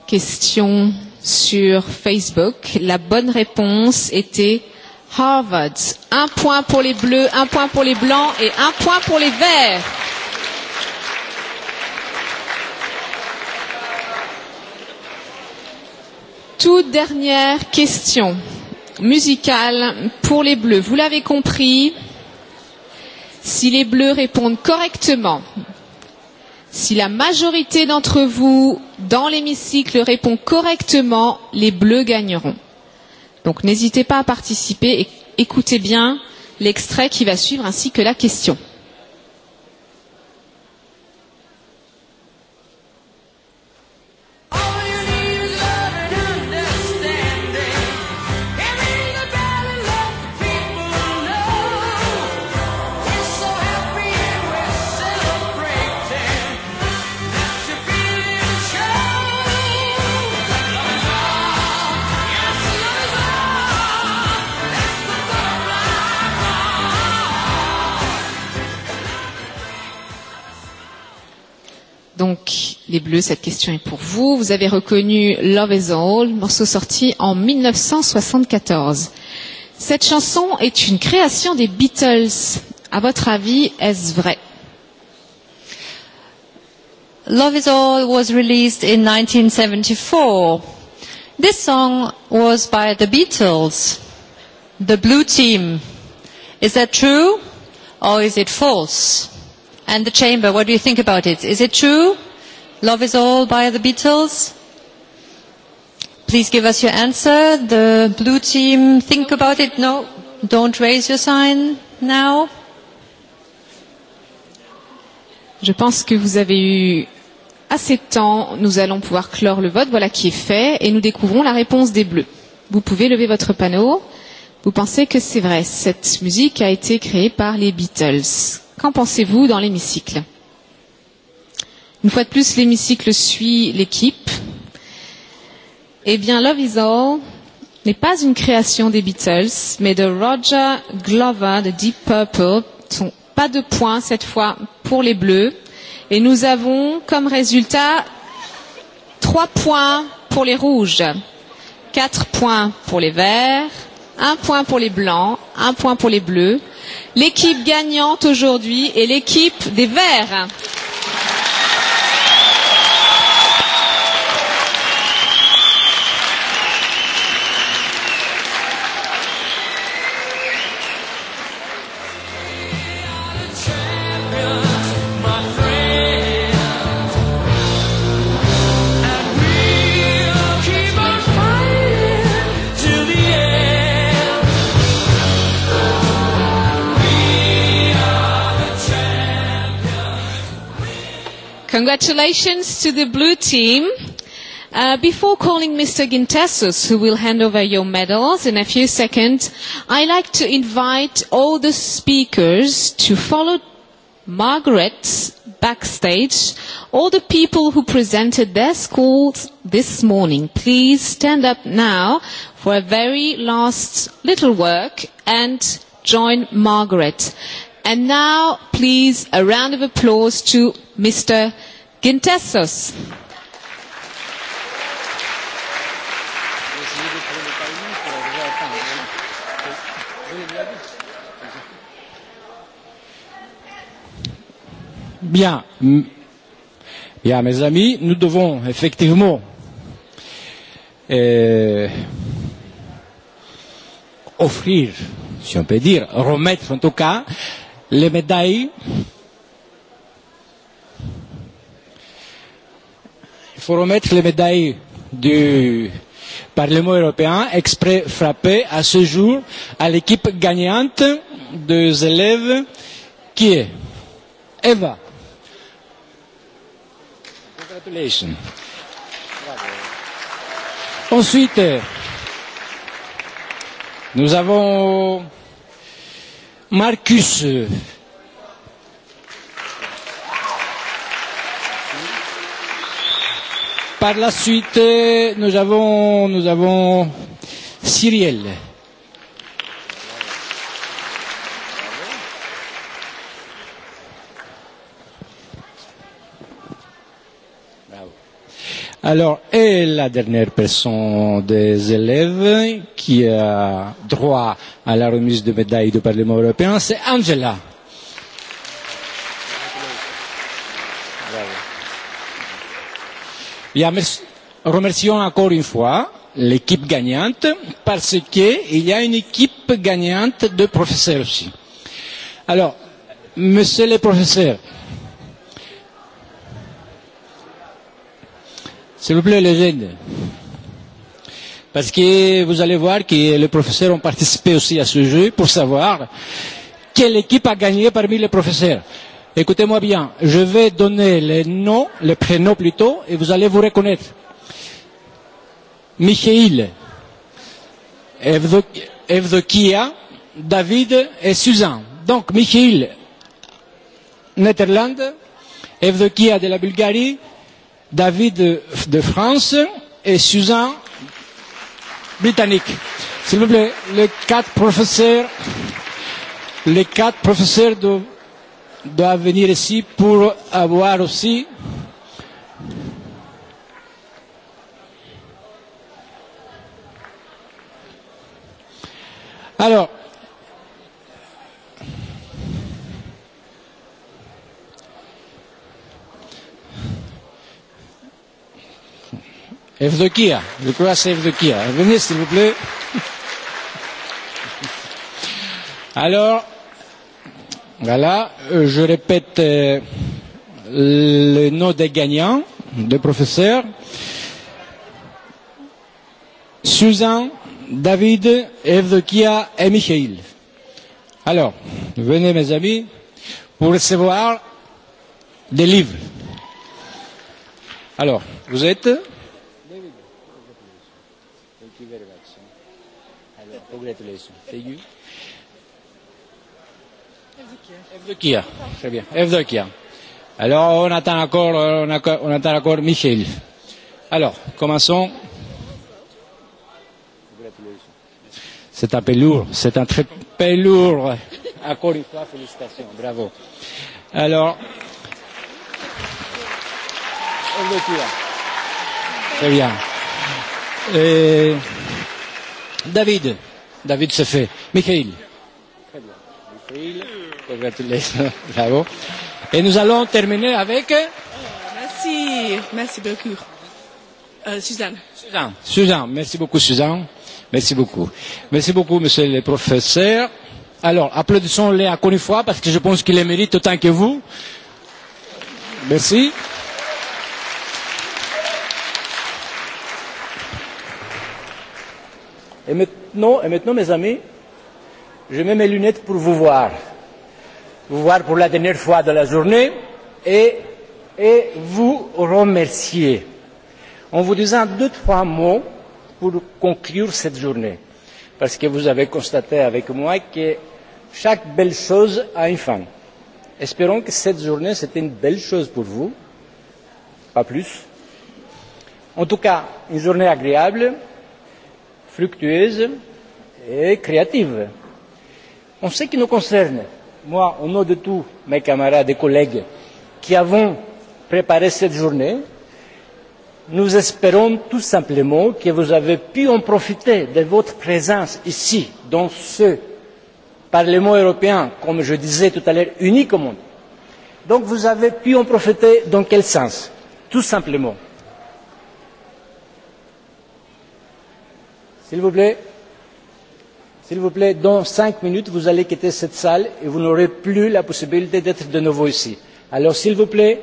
Question sur Facebook. La bonne réponse était Harvard. Un point pour les bleus, un point pour les blancs et un point pour les verts. toute dernière question musicale pour les bleus. Vous l'avez compris, si les bleus répondent correctement, si la majorité d'entre vous dans l'hémicycle répond correctement, les bleus gagneront. Donc n'hésitez pas à participer et écoutez bien l'extrait qui va suivre ainsi que la question. les Bleus, cette question est pour vous. Vous avez reconnu Love is All, morceau sorti en 1974. Cette chanson est une création des Beatles. À votre avis, est-ce vrai Love is All was released in 1974. This song was by the Beatles, the Blue Team. Is that true or is it false? And the Chamber, what do you think about it? Is it true Love is All by the Beatles. Please give us your answer. The blue team, think about it. No, don't raise your sign now. Je pense que vous avez eu assez de temps. Nous allons pouvoir clore le vote. Voilà qui est fait. Et nous découvrons la réponse des bleus. Vous pouvez lever votre panneau. Vous pensez que c'est vrai. Cette musique a été créée par les Beatles. Qu'en pensez-vous dans l'hémicycle? Une fois de plus, l'hémicycle suit l'équipe. Eh bien, Love is All n'est pas une création des Beatles, mais de Roger Glover de Deep Purple. Son pas de points cette fois pour les Bleus. Et nous avons comme résultat trois points pour les Rouges, quatre points pour les Verts, un point pour les Blancs, un point pour les Bleus. L'équipe gagnante aujourd'hui est l'équipe des Verts. Congratulations to the blue team. Uh, before calling Mr. Gintasos, who will hand over your medals in a few seconds, I'd like to invite all the speakers to follow Margaret backstage. All the people who presented their schools this morning, please stand up now for a very last little work and join Margaret. And now, please, a round of applause to Mr. Gintessos. Bien. Bien, mes amis, nous devons effectivement euh, offrir, si on peut dire, remettre en tout cas les médailles faut remettre les médailles du Parlement européen exprès frappé à ce jour à l'équipe gagnante des élèves qui est Eva. Congratulations. Bravo. Ensuite, nous avons Marcus. Marcus. Par la suite, euh, nous avons, nous avons Cyrielle. Alors, et la dernière personne des élèves qui a droit à la remise de médaille du Parlement européen, c'est Angela. Bien, Remercions encore une fois l'équipe gagnante parce qu'il y a une équipe gagnante de professeurs aussi. Alors, monsieur le professeur, s'il vous plaît, légende. Parce que vous allez voir que les professeurs ont participé aussi à ce jeu pour savoir quelle équipe a gagné parmi les professeurs. Écoutez-moi bien, je vais donner les noms, les prénoms plutôt, et vous allez vous reconnaître. Michael, Evdokia, David et Suzanne. Donc Michael, Netherlands, Evdokia de la Bulgarie, David de France et Suzanne britannique. S'il vous plaît, les quatre professeurs, les quatre professeurs de doivent venir ici pour avoir aussi Alors, Evdokia, je crois c'est Evdokia. Venez s'il vous plaît. Alors, Voilà, euh, je répète euh, le nom des gagnants, des professeurs. Suzanne, David, Evdokia et Michael. Alors, venez mes amis pour recevoir des livres. Alors, vous êtes Congratulations. Thank you. Evdokia, très bien. Evdokia. Alors, on attend encore, on attend, on attend encore Michel. Alors, commençons. C'est un peu lourd, c'est un très peu lourd. Encore une fois, félicitations, bravo. Alors, Evdokia. Très bien. Et David, David se fait. Michael. Très bien. Michael. Congratulations, bravo. Et nous allons terminer avec. Euh, merci, merci beaucoup. Euh, Suzanne. Suzanne, Suzanne, merci beaucoup, Suzanne. Merci beaucoup. Merci beaucoup, monsieur le professeur. Alors, applaudissons-les encore une fois parce que je pense qu'ils les méritent autant que vous. Merci. Et maintenant, et maintenant, mes amis, je mets mes lunettes pour vous voir vous voir pour la dernière fois de la journée et, et vous remercier en vous disant deux, trois mots pour conclure cette journée. Parce que vous avez constaté avec moi que chaque belle chose a une fin. Espérons que cette journée, c'était une belle chose pour vous, pas plus. En tout cas, une journée agréable, fructueuse et créative. En ce qui nous concerne, moi, au nom de tous mes camarades et collègues qui avons préparé cette journée, nous espérons tout simplement que vous avez pu en profiter de votre présence ici, dans ce Parlement européen, comme je disais tout à l'heure, unique au monde. Donc vous avez pu en profiter dans quel sens Tout simplement. S'il vous plaît. S'il vous plaît, dans cinq minutes, vous allez quitter cette salle et vous n'aurez plus la possibilité d'être de nouveau ici. Alors, s'il vous plaît,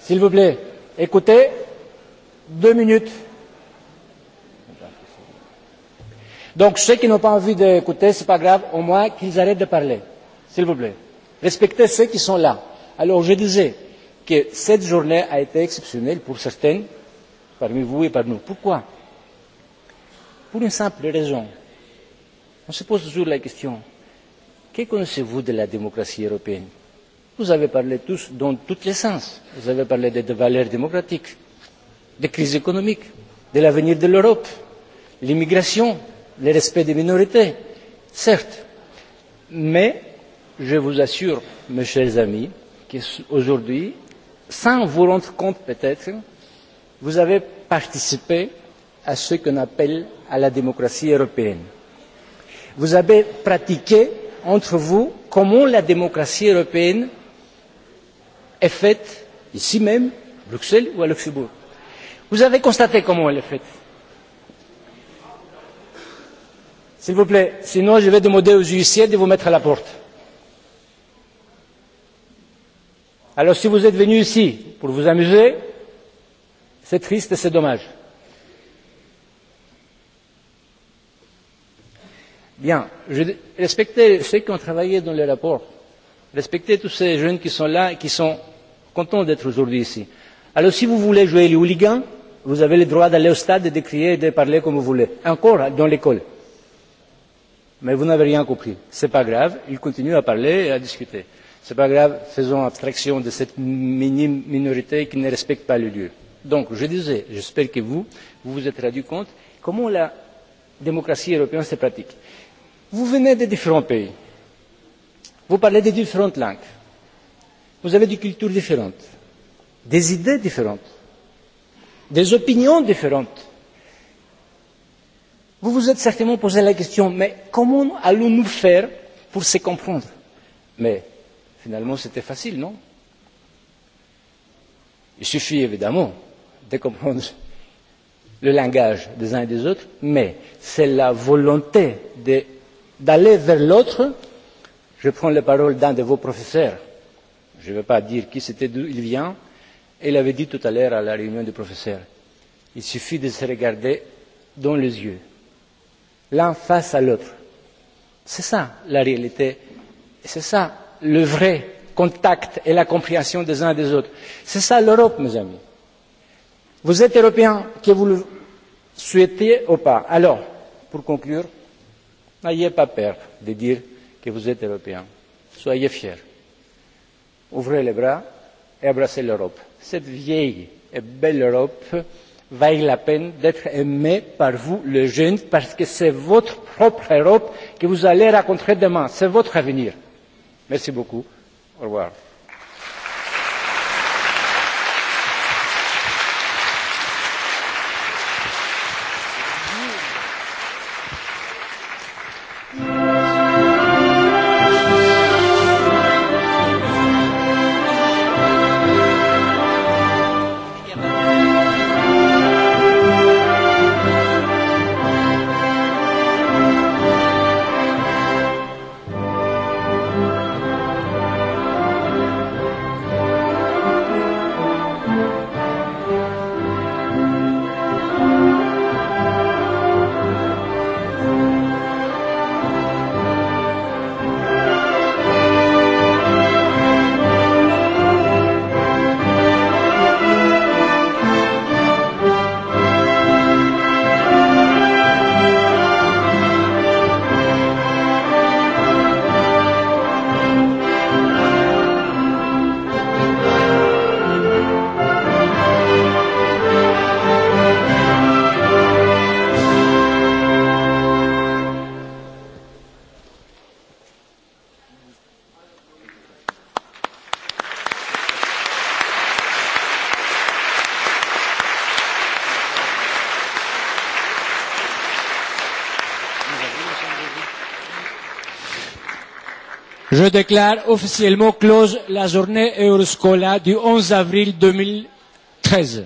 s'il vous plaît, écoutez, deux minutes. Donc, ceux qui n'ont pas envie d'écouter, ce n'est pas grave, au moins qu'ils arrêtent de parler. S'il vous plaît. Respectez ceux qui sont là. Alors, je disais que cette journée a été exceptionnelle pour certaines, parmi vous et parmi nous. Pourquoi Pour une simple raison On se pose toujours la question, que connaissez-vous de la démocratie européenne Vous avez parlé tous dans tous les sens. Vous avez parlé des de valeurs démocratiques, des crises économiques, de l'avenir de l'Europe, l'immigration, le respect des minorités, certes. Mais je vous assure, mes chers amis, qu'aujourd'hui, sans vous rendre compte peut-être, vous avez participé à ce qu'on appelle à la démocratie européenne vous avez pratiqué entre vous comment la démocratie européenne est faite ici même, à Bruxelles ou à Luxembourg. Vous avez constaté comment elle est faite. S'il vous plaît, sinon je vais demander aux huissiers de vous mettre à la porte. Alors si vous êtes venu ici pour vous amuser, c'est triste et c'est dommage. Bien, je respectez ceux qui ont travaillé dans le rapport, respectez tous ces jeunes qui sont là et qui sont contents d'être aujourd'hui ici. Alors si vous voulez jouer les hooligans, vous avez le droit d'aller au stade et de crier et de parler comme vous voulez, encore dans l'école. Mais vous n'avez rien compris. Ce n'est pas grave, ils continuent à parler et à discuter. Ce n'est pas grave, faisons abstraction de cette minime minorité qui ne respecte pas le lieu. Donc, je disais, j'espère que vous, vous vous êtes rendu compte comment la démocratie européenne se pratique. Vous venez de différents pays. Vous parlez de différentes langues. Vous avez des cultures différentes, des idées différentes, des opinions différentes. Vous vous êtes certainement posé la question, mais comment allons-nous faire pour se comprendre Mais finalement, c'était facile, non Il suffit évidemment de comprendre le langage des uns et des autres, mais c'est la volonté de d'aller vers l'autre. Je prends les paroles d'un de vos professeurs. Je ne vais pas dire qui c'était, d'où il vient. Il avait dit tout à l'heure à la réunion des professeurs. Il suffit de se regarder dans les yeux, l'un face à l'autre. C'est ça la réalité. C'est ça le vrai contact et la compréhension des uns et des autres. C'est ça l'Europe, mes amis. Vous êtes européen, que vous le souhaitez ou pas. Alors, pour conclure, N'ayez pas peur de dire que vous êtes européen. Soyez fiers. Ouvrez les bras et abrassez l'Europe. Cette vieille et belle Europe vaille la peine d'être aimée par vous, les jeunes, parce que c'est votre propre Europe que vous allez rencontrer demain. C'est votre avenir. Merci beaucoup. Au revoir. Je déclare officiellement close la journée Euroscola du 11 avril 2013.